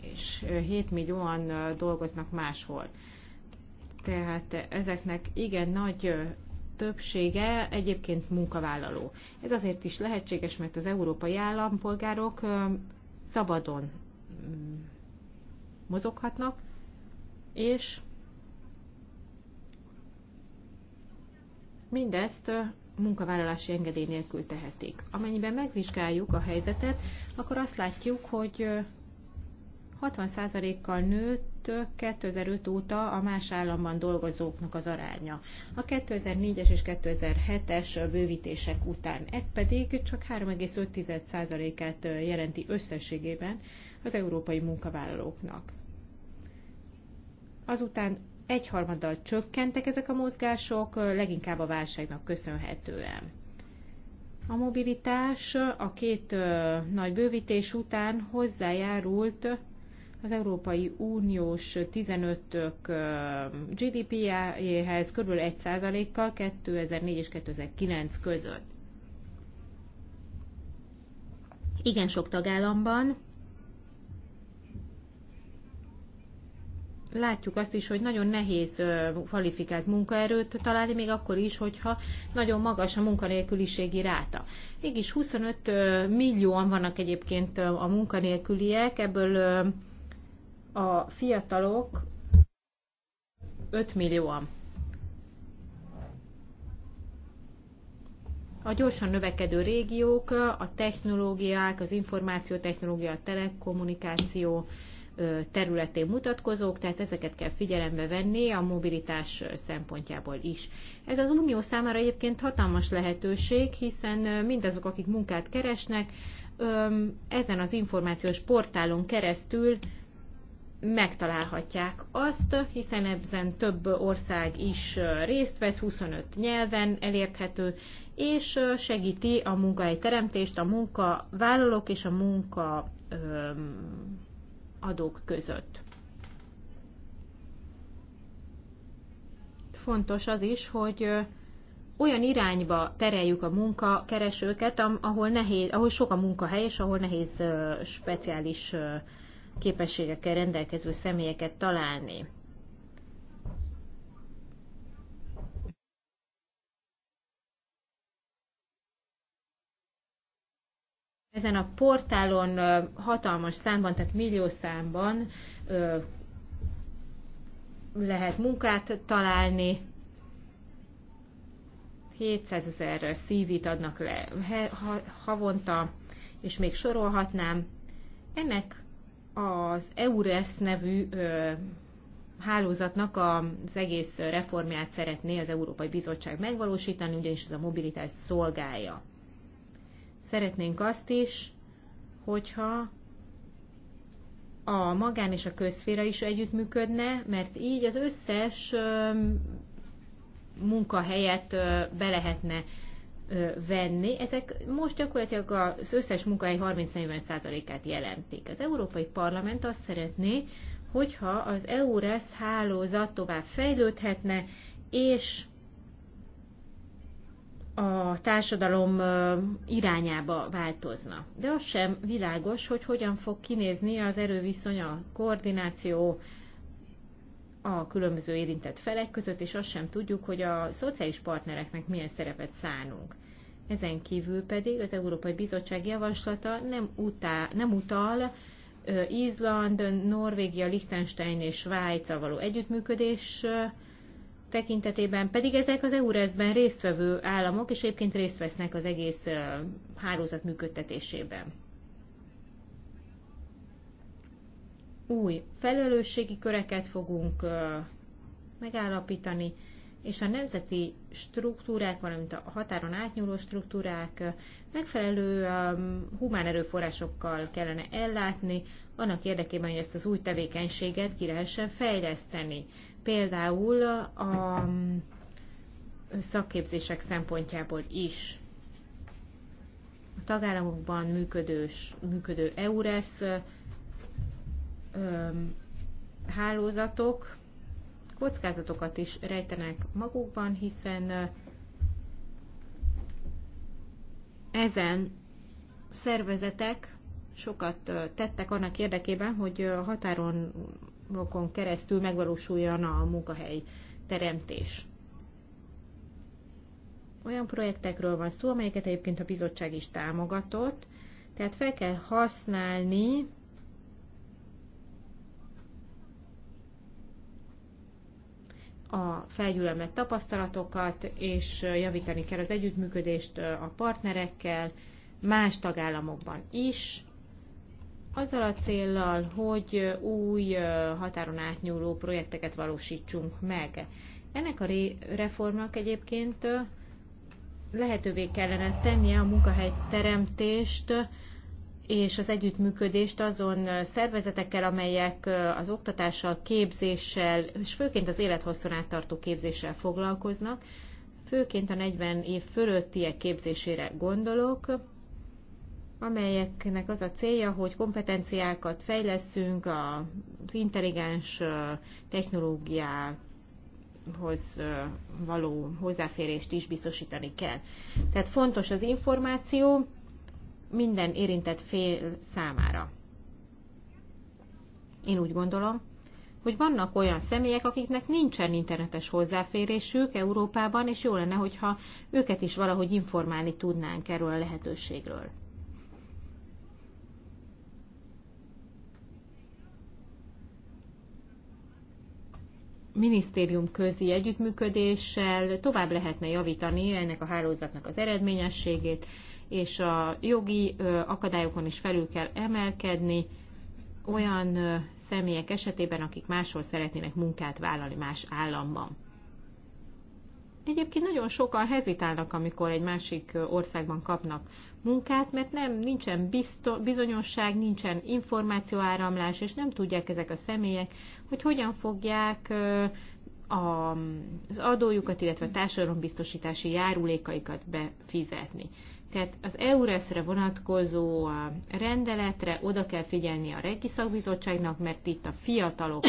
és 7 millióan dolgoznak máshol. Tehát ezeknek igen nagy többsége egyébként munkavállaló. Ez azért is lehetséges, mert az európai állampolgárok szabadon mm, mozoghatnak, és mindezt munkavállalási engedély nélkül tehetik. Amennyiben megvizsgáljuk a helyzetet, akkor azt látjuk, hogy 60%-kal nőtt 2005 óta a más államban dolgozóknak az aránya. A 2004-es és 2007-es bővítések után ez pedig csak 3,5%-át jelenti összességében az európai munkavállalóknak. Azután egyharmaddal csökkentek ezek a mozgások, leginkább a válságnak köszönhetően. A mobilitás a két nagy bővítés után hozzájárult az Európai Uniós 15-ök GDP-jéhez kb. 1%-kal 2004 és 2009 között. Igen sok tagállamban látjuk azt is, hogy nagyon nehéz kvalifikált munkaerőt találni, még akkor is, hogyha nagyon magas a munkanélküliségi ráta. Mégis 25 millióan vannak egyébként a munkanélküliek, ebből a fiatalok 5 millióan. A gyorsan növekedő régiók, a technológiák, az információtechnológia, a telekommunikáció, területén mutatkozók, tehát ezeket kell figyelembe venni a mobilitás szempontjából is. Ez az unió számára egyébként hatalmas lehetőség, hiszen mindazok, akik munkát keresnek, ezen az információs portálon keresztül megtalálhatják azt, hiszen ebben több ország is részt vesz, 25 nyelven elérthető, és segíti a munkahelyteremtést a munkavállalók és a munka adók között. Fontos az is, hogy olyan irányba tereljük a munkakeresőket, ahol, nehéz, ahol sok a munkahely, és ahol nehéz speciális képességekkel rendelkező személyeket találni. Ezen a portálon hatalmas számban, tehát millió számban lehet munkát találni, 700 ezer szívit adnak le havonta, és még sorolhatnám. Ennek az EURES nevű hálózatnak az egész reformját szeretné az Európai Bizottság megvalósítani, ugyanis ez a mobilitás szolgálja. Szeretnénk azt is, hogyha a magán és a közféra is együttműködne, mert így az összes munkahelyet be lehetne venni. Ezek most gyakorlatilag az összes munkahely 30-40%-át jelentik. Az Európai Parlament azt szeretné, hogyha az EURES hálózat tovább fejlődhetne, és a társadalom irányába változna. De az sem világos, hogy hogyan fog kinézni az erőviszony, a koordináció a különböző érintett felek között, és azt sem tudjuk, hogy a szociális partnereknek milyen szerepet szánunk. Ezen kívül pedig az Európai Bizottság javaslata nem, utál, nem utal Izland, Norvégia, Liechtenstein és Svájca való együttműködés tekintetében pedig ezek az EURES-ben résztvevő államok, és egyébként részt vesznek az egész hálózat működtetésében. Új felelősségi köreket fogunk megállapítani, és a nemzeti struktúrák, valamint a határon átnyúló struktúrák megfelelő humán erőforrásokkal kellene ellátni, annak érdekében, hogy ezt az új tevékenységet ki lehessen fejleszteni például a szakképzések szempontjából is. A tagállamokban működős, működő EURES hálózatok kockázatokat is rejtenek magukban, hiszen ezen szervezetek sokat tettek annak érdekében, hogy a határon programokon keresztül megvalósuljon a munkahely teremtés. Olyan projektekről van szó, amelyeket egyébként a bizottság is támogatott, tehát fel kell használni a felgyűlömet tapasztalatokat, és javítani kell az együttműködést a partnerekkel, más tagállamokban is, azzal a céllal, hogy új határon átnyúló projekteket valósítsunk meg. Ennek a reformnak egyébként lehetővé kellene tennie a munkahely teremtést és az együttműködést azon szervezetekkel, amelyek az oktatással, képzéssel, és főként az élethosszon áttartó képzéssel foglalkoznak, főként a 40 év fölöttiek képzésére gondolok, amelyeknek az a célja, hogy kompetenciákat fejleszünk az intelligens technológiához való hozzáférést is biztosítani kell. Tehát fontos az információ minden érintett fél számára. Én úgy gondolom, hogy vannak olyan személyek, akiknek nincsen internetes hozzáférésük Európában, és jó lenne, hogyha őket is valahogy informálni tudnánk erről a lehetőségről. minisztérium közi együttműködéssel tovább lehetne javítani ennek a hálózatnak az eredményességét, és a jogi akadályokon is felül kell emelkedni olyan személyek esetében, akik máshol szeretnének munkát vállalni más államban. Egyébként nagyon sokan hezitálnak, amikor egy másik országban kapnak munkát, mert nem nincsen bizto, bizonyosság, nincsen információáramlás, és nem tudják ezek a személyek, hogy hogyan fogják az adójukat, illetve a társadalombiztosítási járulékaikat befizetni. Tehát az EURES-re vonatkozó rendeletre oda kell figyelni a Regi Szakbizottságnak, mert itt a fiatalok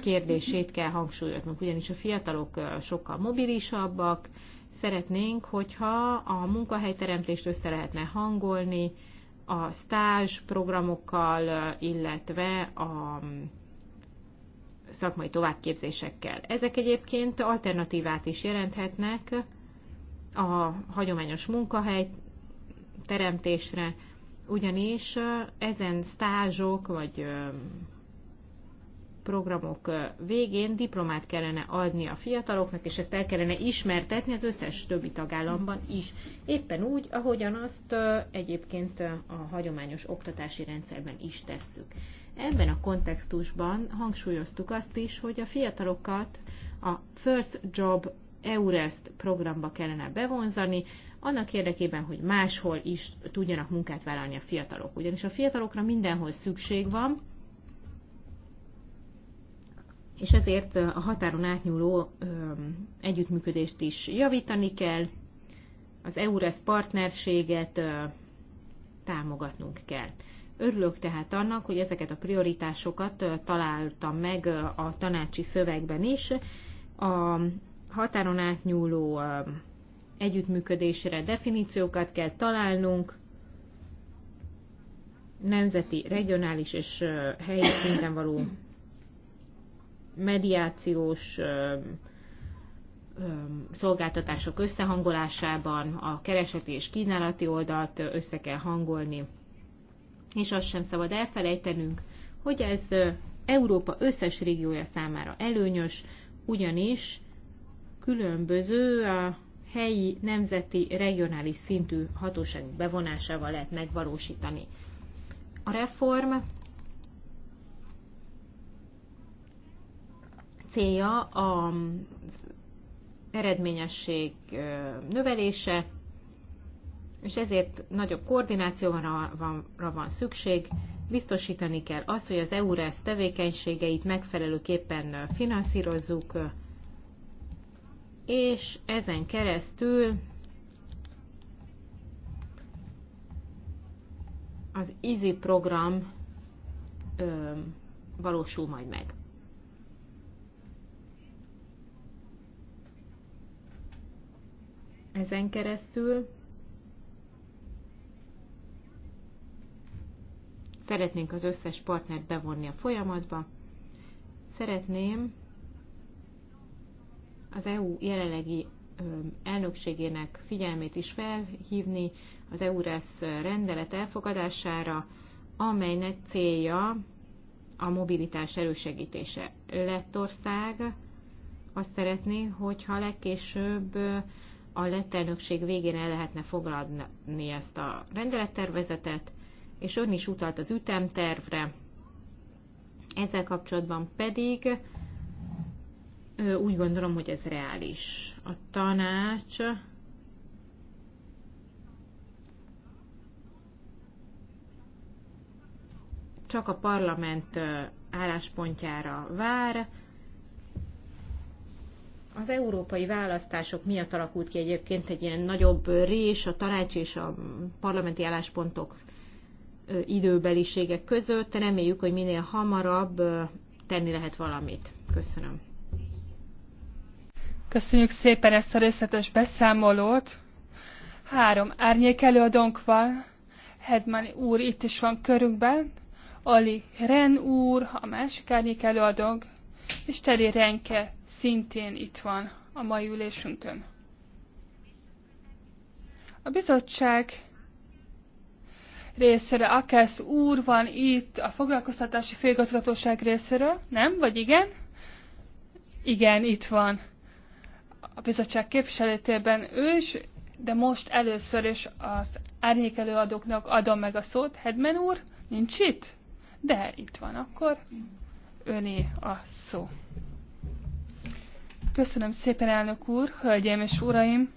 kérdését kell hangsúlyoznunk, ugyanis a fiatalok sokkal mobilisabbak, szeretnénk, hogyha a munkahelyteremtést össze lehetne hangolni a stázs programokkal, illetve a mm, szakmai továbbképzésekkel. Ezek egyébként alternatívát is jelenthetnek a hagyományos munkahely teremtésre, ugyanis ezen stázsok vagy programok végén diplomát kellene adni a fiataloknak, és ezt el kellene ismertetni az összes többi tagállamban is. Éppen úgy, ahogyan azt egyébként a hagyományos oktatási rendszerben is tesszük. Ebben a kontextusban hangsúlyoztuk azt is, hogy a fiatalokat a First Job Eureszt programba kellene bevonzani, annak érdekében, hogy máshol is tudjanak munkát vállalni a fiatalok. Ugyanis a fiatalokra mindenhol szükség van, és ezért a határon átnyúló együttműködést is javítani kell, az EURES partnerséget támogatnunk kell. Örülök tehát annak, hogy ezeket a prioritásokat találtam meg a tanácsi szövegben is. A határon átnyúló együttműködésre definíciókat kell találnunk, nemzeti, regionális és helyi szinten való mediációs szolgáltatások összehangolásában a kereseti és kínálati oldalt össze kell hangolni. És azt sem szabad elfelejtenünk, hogy ez Európa összes régiója számára előnyös, ugyanis különböző a helyi, nemzeti, regionális szintű hatóságok bevonásával lehet megvalósítani. A reform célja az eredményesség növelése, és ezért nagyobb koordinációra van, van szükség. Biztosítani kell azt, hogy az EURES tevékenységeit megfelelőképpen finanszírozzuk, és ezen keresztül az EASY program ö, valósul majd meg. Ezen keresztül szeretnénk az összes partnert bevonni a folyamatba. Szeretném, az EU jelenlegi elnökségének figyelmét is felhívni az EURES rendelet elfogadására, amelynek célja a mobilitás elősegítése. Lettország azt szeretné, hogyha legkésőbb a lett elnökség végén el lehetne foglalni ezt a rendelettervezetet, és ön is utalt az ütemtervre. Ezzel kapcsolatban pedig úgy gondolom, hogy ez reális. A tanács csak a parlament álláspontjára vár. Az európai választások miatt alakult ki egyébként egy ilyen nagyobb rés a tanács és a parlamenti álláspontok időbeliségek között. Reméljük, hogy minél hamarabb tenni lehet valamit. Köszönöm. Köszönjük szépen ezt a részletes beszámolót. Három árnyék előadónk van. Hedman úr itt is van körünkben. Ali Ren úr, a másik árnyék előadónk, és Teri Renke szintén itt van a mai ülésünkön. A bizottság részéről Akesz úr van itt, a foglalkoztatási főigazgatóság részéről, nem? Vagy igen? Igen, itt van a bizottság képviselőtében ő is, de most először is az árnyékelőadóknak adom meg a szót. Hedmen úr, nincs itt? De itt van akkor. Öné a szó. Köszönöm szépen, elnök úr, hölgyeim és uraim!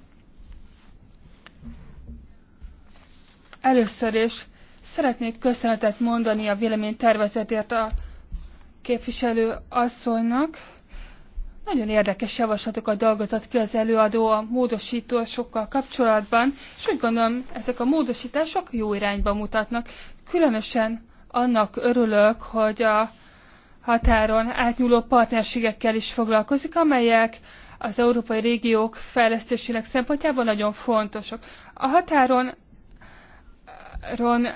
Először is szeretnék köszönetet mondani a véleménytervezetért a képviselő asszonynak, nagyon érdekes javaslatokat dolgozott ki az előadó a módosításokkal kapcsolatban, és úgy gondolom, ezek a módosítások jó irányba mutatnak. Különösen annak örülök, hogy a határon átnyúló partnerségekkel is foglalkozik, amelyek az európai régiók fejlesztésének szempontjából nagyon fontosak. A határon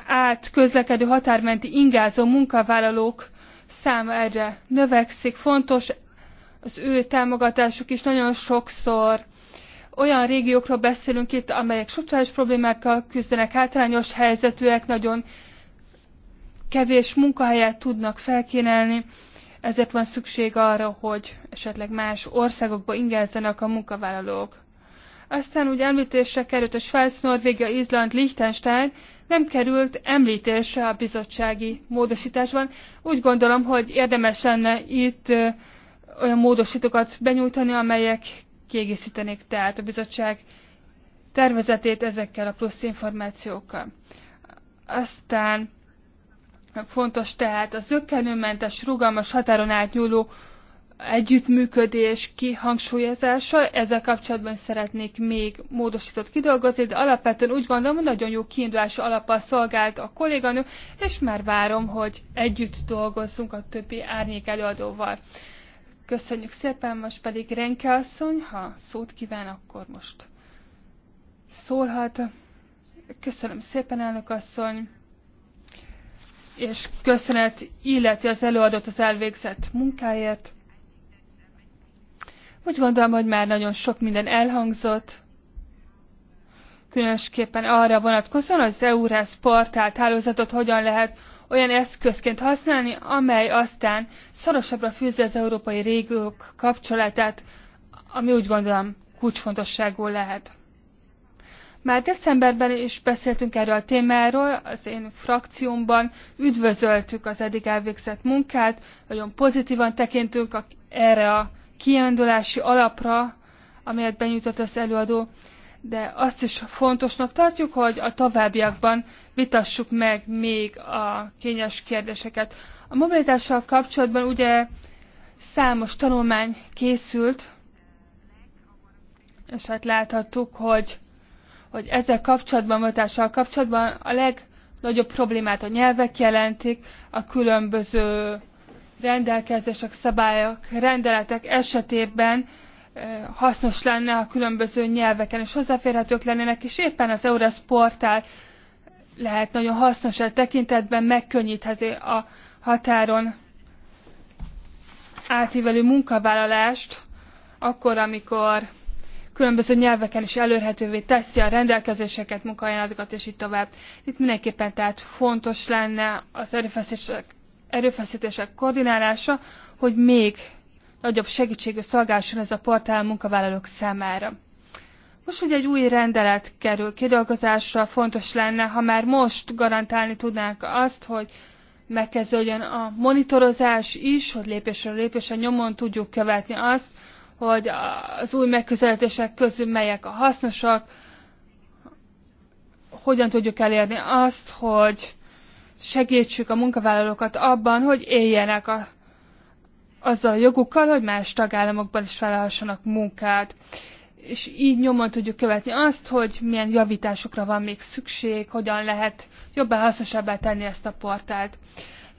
át közlekedő határmenti ingázó munkavállalók száma egyre növekszik, fontos az ő támogatásuk is nagyon sokszor olyan régiókról beszélünk itt, amelyek struktúrális problémákkal küzdenek, hátrányos helyzetűek, nagyon kevés munkahelyet tudnak felkínálni, ezért van szükség arra, hogy esetleg más országokba ingázzanak a munkavállalók. Aztán úgy említésre került a Svájc, Norvégia, Izland, Liechtenstein, nem került említésre a bizottsági módosításban. Úgy gondolom, hogy érdemes lenne itt olyan módosítókat benyújtani, amelyek kiegészítenék tehát a bizottság tervezetét ezekkel a plusz információkkal. Aztán fontos tehát a zöggenőmentes, rugalmas határon átnyúló együttműködés kihangsúlyozása. Ezzel kapcsolatban szeretnék még módosított kidolgozni, de alapvetően úgy gondolom, hogy nagyon jó kiindulási alappal szolgált a kolléganő, és már várom, hogy együtt dolgozzunk a többi árnyék előadóval. Köszönjük szépen, most pedig Renke asszony, ha szót kíván, akkor most szólhat. Köszönöm szépen, elnök asszony, és köszönet illeti az előadót az elvégzett munkáért. Úgy gondolom, hogy már nagyon sok minden elhangzott, különösképpen arra vonatkozóan, hogy az EURES portál hálózatot hogyan lehet olyan eszközként használni, amely aztán szorosabbra fűzi az európai régiók kapcsolatát, ami úgy gondolom kulcsfontosságú lehet. Már decemberben is beszéltünk erről a témáról, az én frakciómban üdvözöltük az eddig elvégzett munkát, nagyon pozitívan tekintünk erre a kiindulási alapra, amelyet benyújtott az előadó, de azt is fontosnak tartjuk, hogy a továbbiakban vitassuk meg még a kényes kérdéseket. A mobilitással kapcsolatban ugye számos tanulmány készült, és hát láthattuk, hogy, hogy ezzel kapcsolatban, mobilitással kapcsolatban a legnagyobb problémát a nyelvek jelentik, a különböző rendelkezések, szabályok, rendeletek esetében hasznos lenne a különböző nyelveken, és hozzáférhetők lennének, és éppen az Eurasz portál lehet nagyon hasznos a e tekintetben, megkönnyítheti a határon átívelő munkavállalást, akkor, amikor különböző nyelveken is előrhetővé teszi a rendelkezéseket, munkajánlatokat és így tovább. Itt mindenképpen tehát fontos lenne az erőfeszítések, erőfeszítések koordinálása, hogy még nagyobb segítségű szolgáson ez a portál a munkavállalók számára. Most, hogy egy új rendelet kerül kidolgozásra, fontos lenne, ha már most garantálni tudnánk azt, hogy megkezdődjön a monitorozás is, hogy lépésről lépésre nyomon tudjuk követni azt, hogy az új megközelítések közül melyek a hasznosak, hogyan tudjuk elérni azt, hogy segítsük a munkavállalókat abban, hogy éljenek a azzal a jogukkal, hogy más tagállamokban is vállalhassanak munkát. És így nyomon tudjuk követni azt, hogy milyen javításokra van még szükség, hogyan lehet jobban hasznosabbá tenni ezt a portált.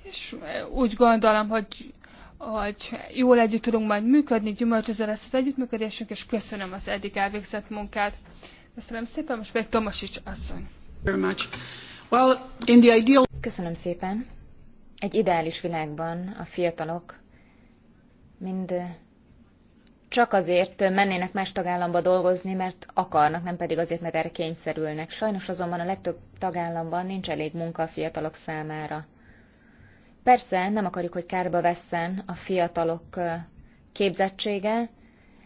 És úgy gondolom, hogy hogy jól együtt tudunk majd működni, gyümölcsöző lesz az együttműködésünk, és köszönöm az eddig elvégzett munkát. Köszönöm szépen, most pedig Tomasics asszony. Köszönöm szépen. Egy ideális világban a fiatalok mind csak azért mennének más tagállamba dolgozni, mert akarnak, nem pedig azért, mert erre kényszerülnek. Sajnos azonban a legtöbb tagállamban nincs elég munka a fiatalok számára. Persze nem akarjuk, hogy kárba vesszen a fiatalok képzettsége,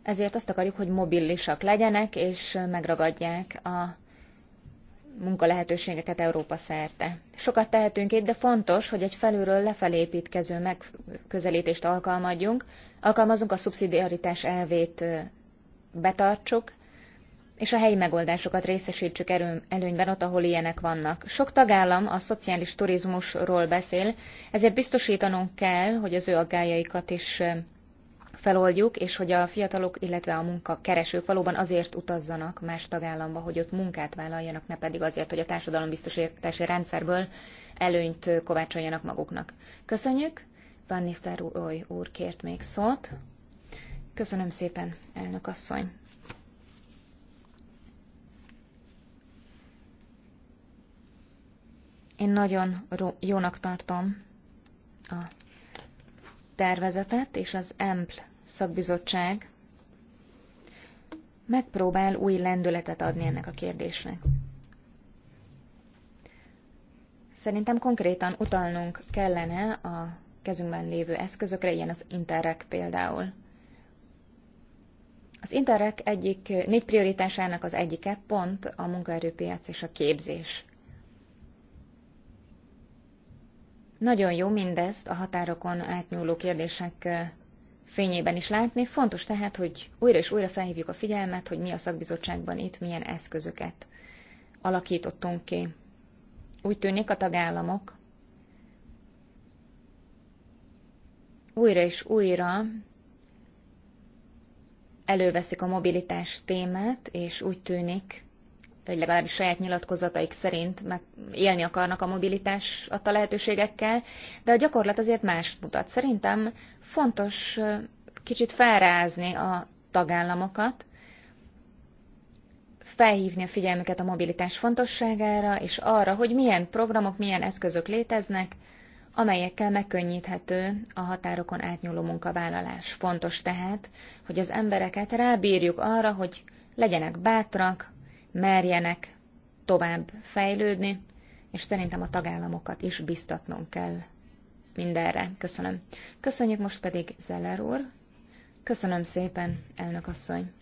ezért azt akarjuk, hogy mobilisak legyenek, és megragadják a munkalehetőségeket Európa szerte. Sokat tehetünk itt, de fontos, hogy egy felülről lefelé építkező megközelítést alkalmazjunk, alkalmazunk a szubszidiaritás elvét betartsuk, és a helyi megoldásokat részesítsük előnyben ott, ahol ilyenek vannak. Sok tagállam a szociális turizmusról beszél, ezért biztosítanunk kell, hogy az ő aggájaikat is feloldjuk, és hogy a fiatalok, illetve a munkakeresők valóban azért utazzanak más tagállamba, hogy ott munkát vállaljanak, ne pedig azért, hogy a biztosítási rendszerből előnyt kovácsoljanak maguknak. Köszönjük! Van Nisztár úr kért még szót. Köszönöm szépen, elnök asszony! Én nagyon jónak tartom a tervezetet, és az EMPL szakbizottság megpróbál új lendületet adni ennek a kérdésnek. Szerintem konkrétan utalnunk kellene a kezünkben lévő eszközökre, ilyen az Interreg például. Az Interreg egyik négy prioritásának az egyike pont a munkaerőpiac és a képzés. Nagyon jó mindezt a határokon átnyúló kérdések fényében is látni. Fontos tehát, hogy újra és újra felhívjuk a figyelmet, hogy mi a szakbizottságban itt milyen eszközöket alakítottunk ki. Úgy tűnik a tagállamok újra és újra előveszik a mobilitás témát, és úgy tűnik, vagy legalábbis saját nyilatkozataik szerint meg élni akarnak a mobilitás adta lehetőségekkel, de a gyakorlat azért más mutat. Szerintem fontos kicsit felrázni a tagállamokat, felhívni a figyelmüket a mobilitás fontosságára, és arra, hogy milyen programok, milyen eszközök léteznek, amelyekkel megkönnyíthető a határokon átnyúló munkavállalás. Fontos tehát, hogy az embereket rábírjuk arra, hogy legyenek bátrak, merjenek tovább fejlődni, és szerintem a tagállamokat is biztatnunk kell mindenre. Köszönöm. Köszönjük most pedig Zeller úr. Köszönöm szépen, elnök asszony.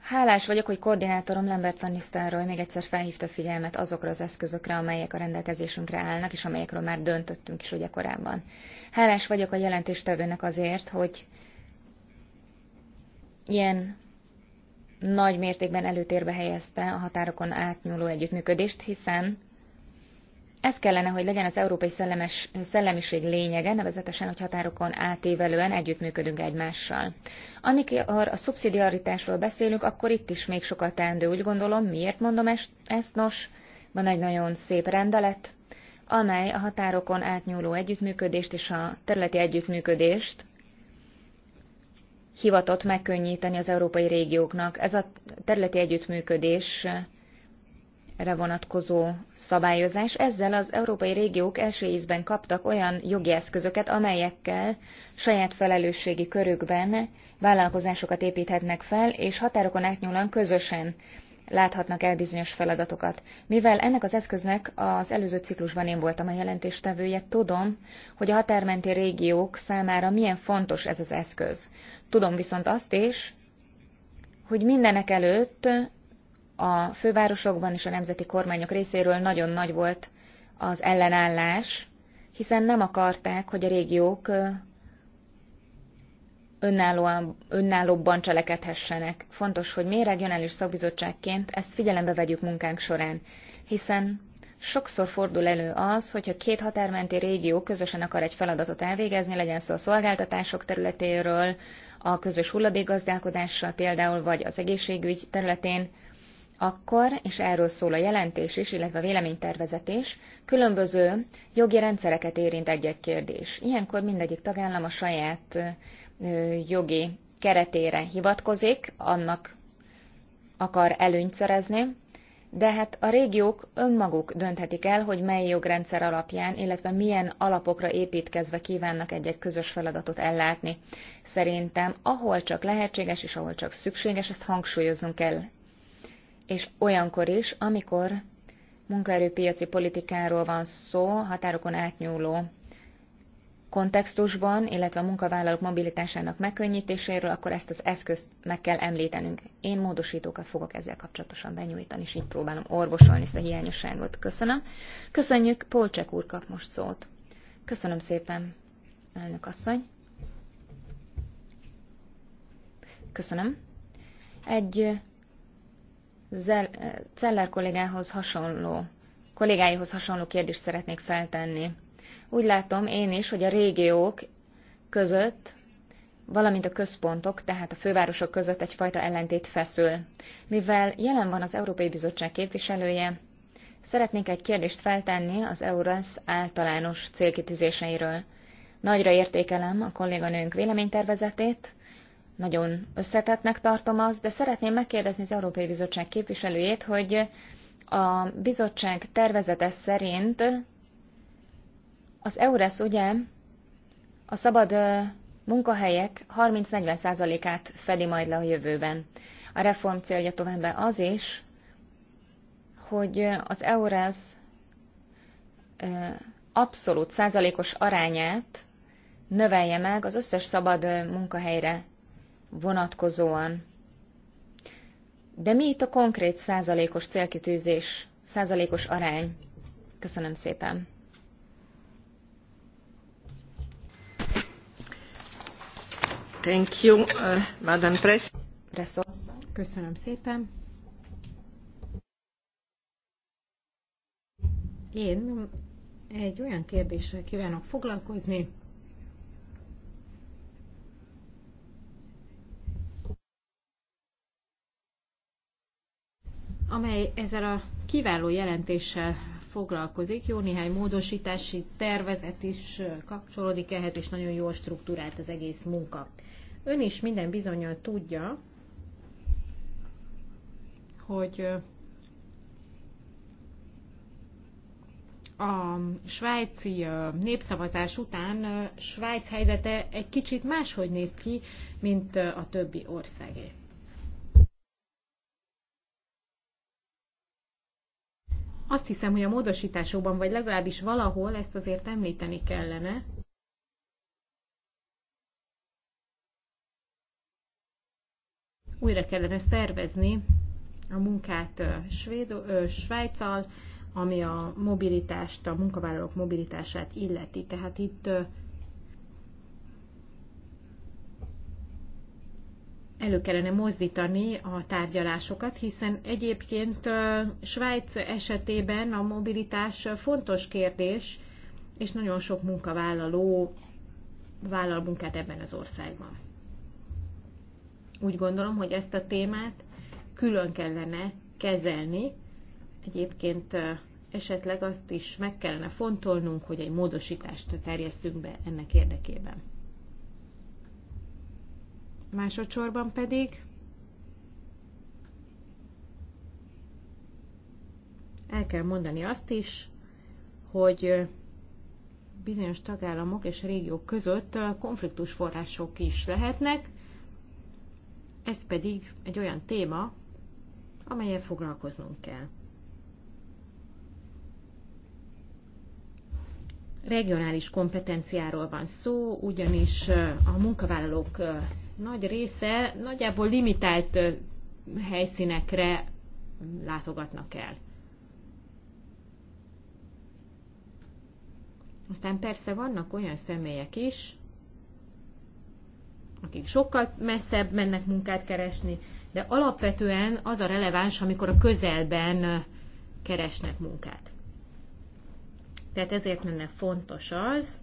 Hálás vagyok, hogy koordinátorom Lambert Van Nistelrooy még egyszer felhívta figyelmet azokra az eszközökre, amelyek a rendelkezésünkre állnak, és amelyekről már döntöttünk is ugye korábban. Hálás vagyok a jelentéstevőnek azért, hogy ilyen nagy mértékben előtérbe helyezte a határokon átnyúló együttműködést, hiszen ez kellene, hogy legyen az európai szellemes, szellemiség lényege, nevezetesen, hogy határokon átévelően együttműködünk egymással. Amikor a szubszidiaritásról beszélünk, akkor itt is még sokat teendő, úgy gondolom. Miért mondom ezt? Nos, van egy nagyon szép rendelet, amely a határokon átnyúló együttműködést és a területi együttműködést hivatott megkönnyíteni az európai régióknak. Ez a területi együttműködésre vonatkozó szabályozás. Ezzel az európai régiók első ízben kaptak olyan jogi eszközöket, amelyekkel saját felelősségi körükben vállalkozásokat építhetnek fel, és határokon átnyúlóan közösen láthatnak el bizonyos feladatokat. Mivel ennek az eszköznek az előző ciklusban én voltam a jelentéstevője, tudom, hogy a határmenti régiók számára milyen fontos ez az eszköz. Tudom viszont azt is, hogy mindenek előtt a fővárosokban és a nemzeti kormányok részéről nagyon nagy volt az ellenállás, hiszen nem akarták, hogy a régiók önállóan, önállóbban cselekedhessenek. Fontos, hogy mi regionális szakbizottságként ezt figyelembe vegyük munkánk során, hiszen sokszor fordul elő az, hogyha két határmenti régió közösen akar egy feladatot elvégezni, legyen szó a szolgáltatások területéről, a közös hulladékgazdálkodással például, vagy az egészségügy területén, akkor, és erről szól a jelentés is, illetve a véleménytervezet is, különböző jogi rendszereket érint egy-egy kérdés. Ilyenkor mindegyik tagállam a saját jogi keretére hivatkozik, annak akar előnyt szerezni, de hát a régiók önmaguk dönthetik el, hogy mely jogrendszer alapján, illetve milyen alapokra építkezve kívánnak egy-egy közös feladatot ellátni. Szerintem ahol csak lehetséges és ahol csak szükséges, ezt hangsúlyoznunk kell. És olyankor is, amikor munkaerőpiaci politikáról van szó, határokon átnyúló kontextusban, illetve a munkavállalók mobilitásának megkönnyítéséről, akkor ezt az eszközt meg kell említenünk. Én módosítókat fogok ezzel kapcsolatosan benyújtani, és így próbálom orvosolni ezt a hiányosságot. Köszönöm. Köszönjük, Polcsek úr kap most szót. Köszönöm szépen, elnök asszony. Köszönöm. Egy eh, Zell, eh, kollégához hasonló, kollégáihoz hasonló kérdést szeretnék feltenni. Úgy látom én is, hogy a régiók között, valamint a központok, tehát a fővárosok között egyfajta ellentét feszül. Mivel jelen van az Európai Bizottság képviselője, szeretnék egy kérdést feltenni az EURES általános célkitűzéseiről. Nagyra értékelem a kolléganőnk véleménytervezetét, nagyon összetettnek tartom azt, de szeretném megkérdezni az Európai Bizottság képviselőjét, hogy a bizottság tervezete szerint az EURES ugye a szabad munkahelyek 30-40%-át fedi majd le a jövőben. A reform célja továbbá az is, hogy az EURES abszolút százalékos arányát növelje meg az összes szabad munkahelyre vonatkozóan. De mi itt a konkrét százalékos célkitűzés, százalékos arány? Köszönöm szépen! Thank you, uh, Madam Press. Köszönöm szépen. Én egy olyan kérdéssel kívánok foglalkozni, amely ezzel a kiváló jelentéssel foglalkozik. Jó néhány módosítási tervezet is kapcsolódik ehhez, és nagyon jól struktúrált az egész munka. Ön is minden bizonyal tudja, hogy a svájci népszavazás után Svájc helyzete egy kicsit máshogy néz ki, mint a többi országé. Azt hiszem, hogy a módosításokban, vagy legalábbis valahol ezt azért említeni kellene, újra kellene szervezni a munkát Svéd, Svájccal, ami a mobilitást, a munkavállalók mobilitását illeti. Tehát itt elő kellene mozdítani a tárgyalásokat, hiszen egyébként Svájc esetében a mobilitás fontos kérdés, és nagyon sok munkavállaló vállal munkát ebben az országban. Úgy gondolom, hogy ezt a témát külön kellene kezelni. Egyébként esetleg azt is meg kellene fontolnunk, hogy egy módosítást terjesztünk be ennek érdekében. Másodszorban pedig el kell mondani azt is, hogy bizonyos tagállamok és régiók között konfliktusforrások is lehetnek, ez pedig egy olyan téma, amelyel foglalkoznunk kell. Regionális kompetenciáról van szó, ugyanis a munkavállalók nagy része nagyjából limitált helyszínekre látogatnak el. Aztán persze vannak olyan személyek is, akik sokkal messzebb mennek munkát keresni, de alapvetően az a releváns, amikor a közelben keresnek munkát. Tehát ezért lenne fontos az,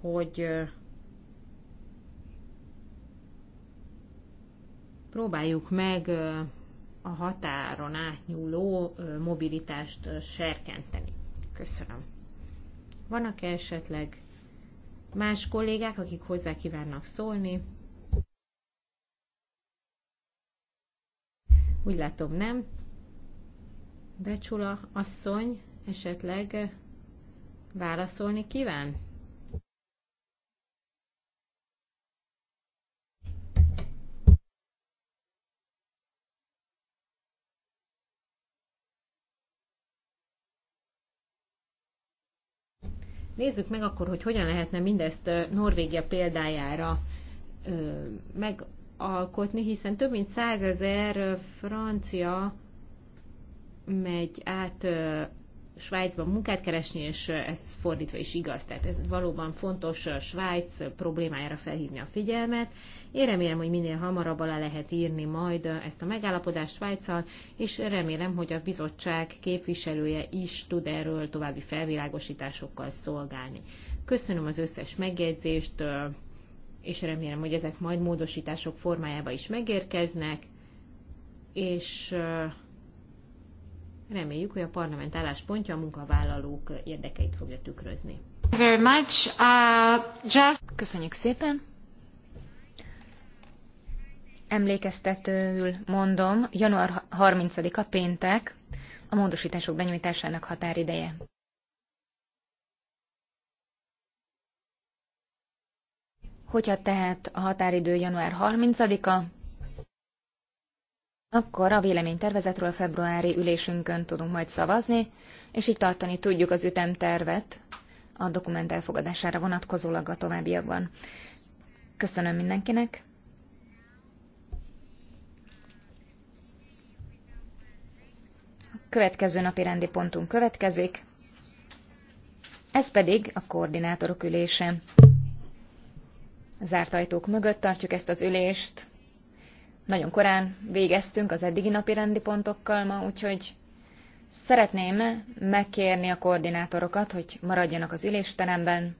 hogy próbáljuk meg a határon átnyúló mobilitást serkenteni. Köszönöm. Vannak -e esetleg Más kollégák, akik hozzá kívánnak szólni? Úgy látom nem. Becsula asszony esetleg válaszolni kíván? Nézzük meg akkor, hogy hogyan lehetne mindezt Norvégia példájára megalkotni, hiszen több mint százezer francia megy át Svájcban munkát keresni, és ez fordítva is igaz. Tehát ez valóban fontos a Svájc problémájára felhívni a figyelmet. Én remélem, hogy minél hamarabb alá lehet írni majd ezt a megállapodást Svájccal, és remélem, hogy a bizottság képviselője is tud erről további felvilágosításokkal szolgálni. Köszönöm az összes megjegyzést, és remélem, hogy ezek majd módosítások formájába is megérkeznek, és Reméljük, hogy a parlament álláspontja a munkavállalók érdekeit fogja tükrözni. Very much. Uh, just... Köszönjük szépen. Emlékeztetőül mondom, január 30-a péntek a módosítások benyújtásának határideje. Hogyha tehát a határidő január 30-a, akkor a véleménytervezetről februári ülésünkön tudunk majd szavazni, és így tartani tudjuk az ütemtervet a dokument elfogadására vonatkozólag a továbbiakban. Köszönöm mindenkinek! A következő napi rendi pontunk következik, ez pedig a koordinátorok ülése. Zárt ajtók mögött tartjuk ezt az ülést nagyon korán végeztünk az eddigi napi rendi pontokkal ma, úgyhogy szeretném megkérni a koordinátorokat, hogy maradjanak az ülésteremben,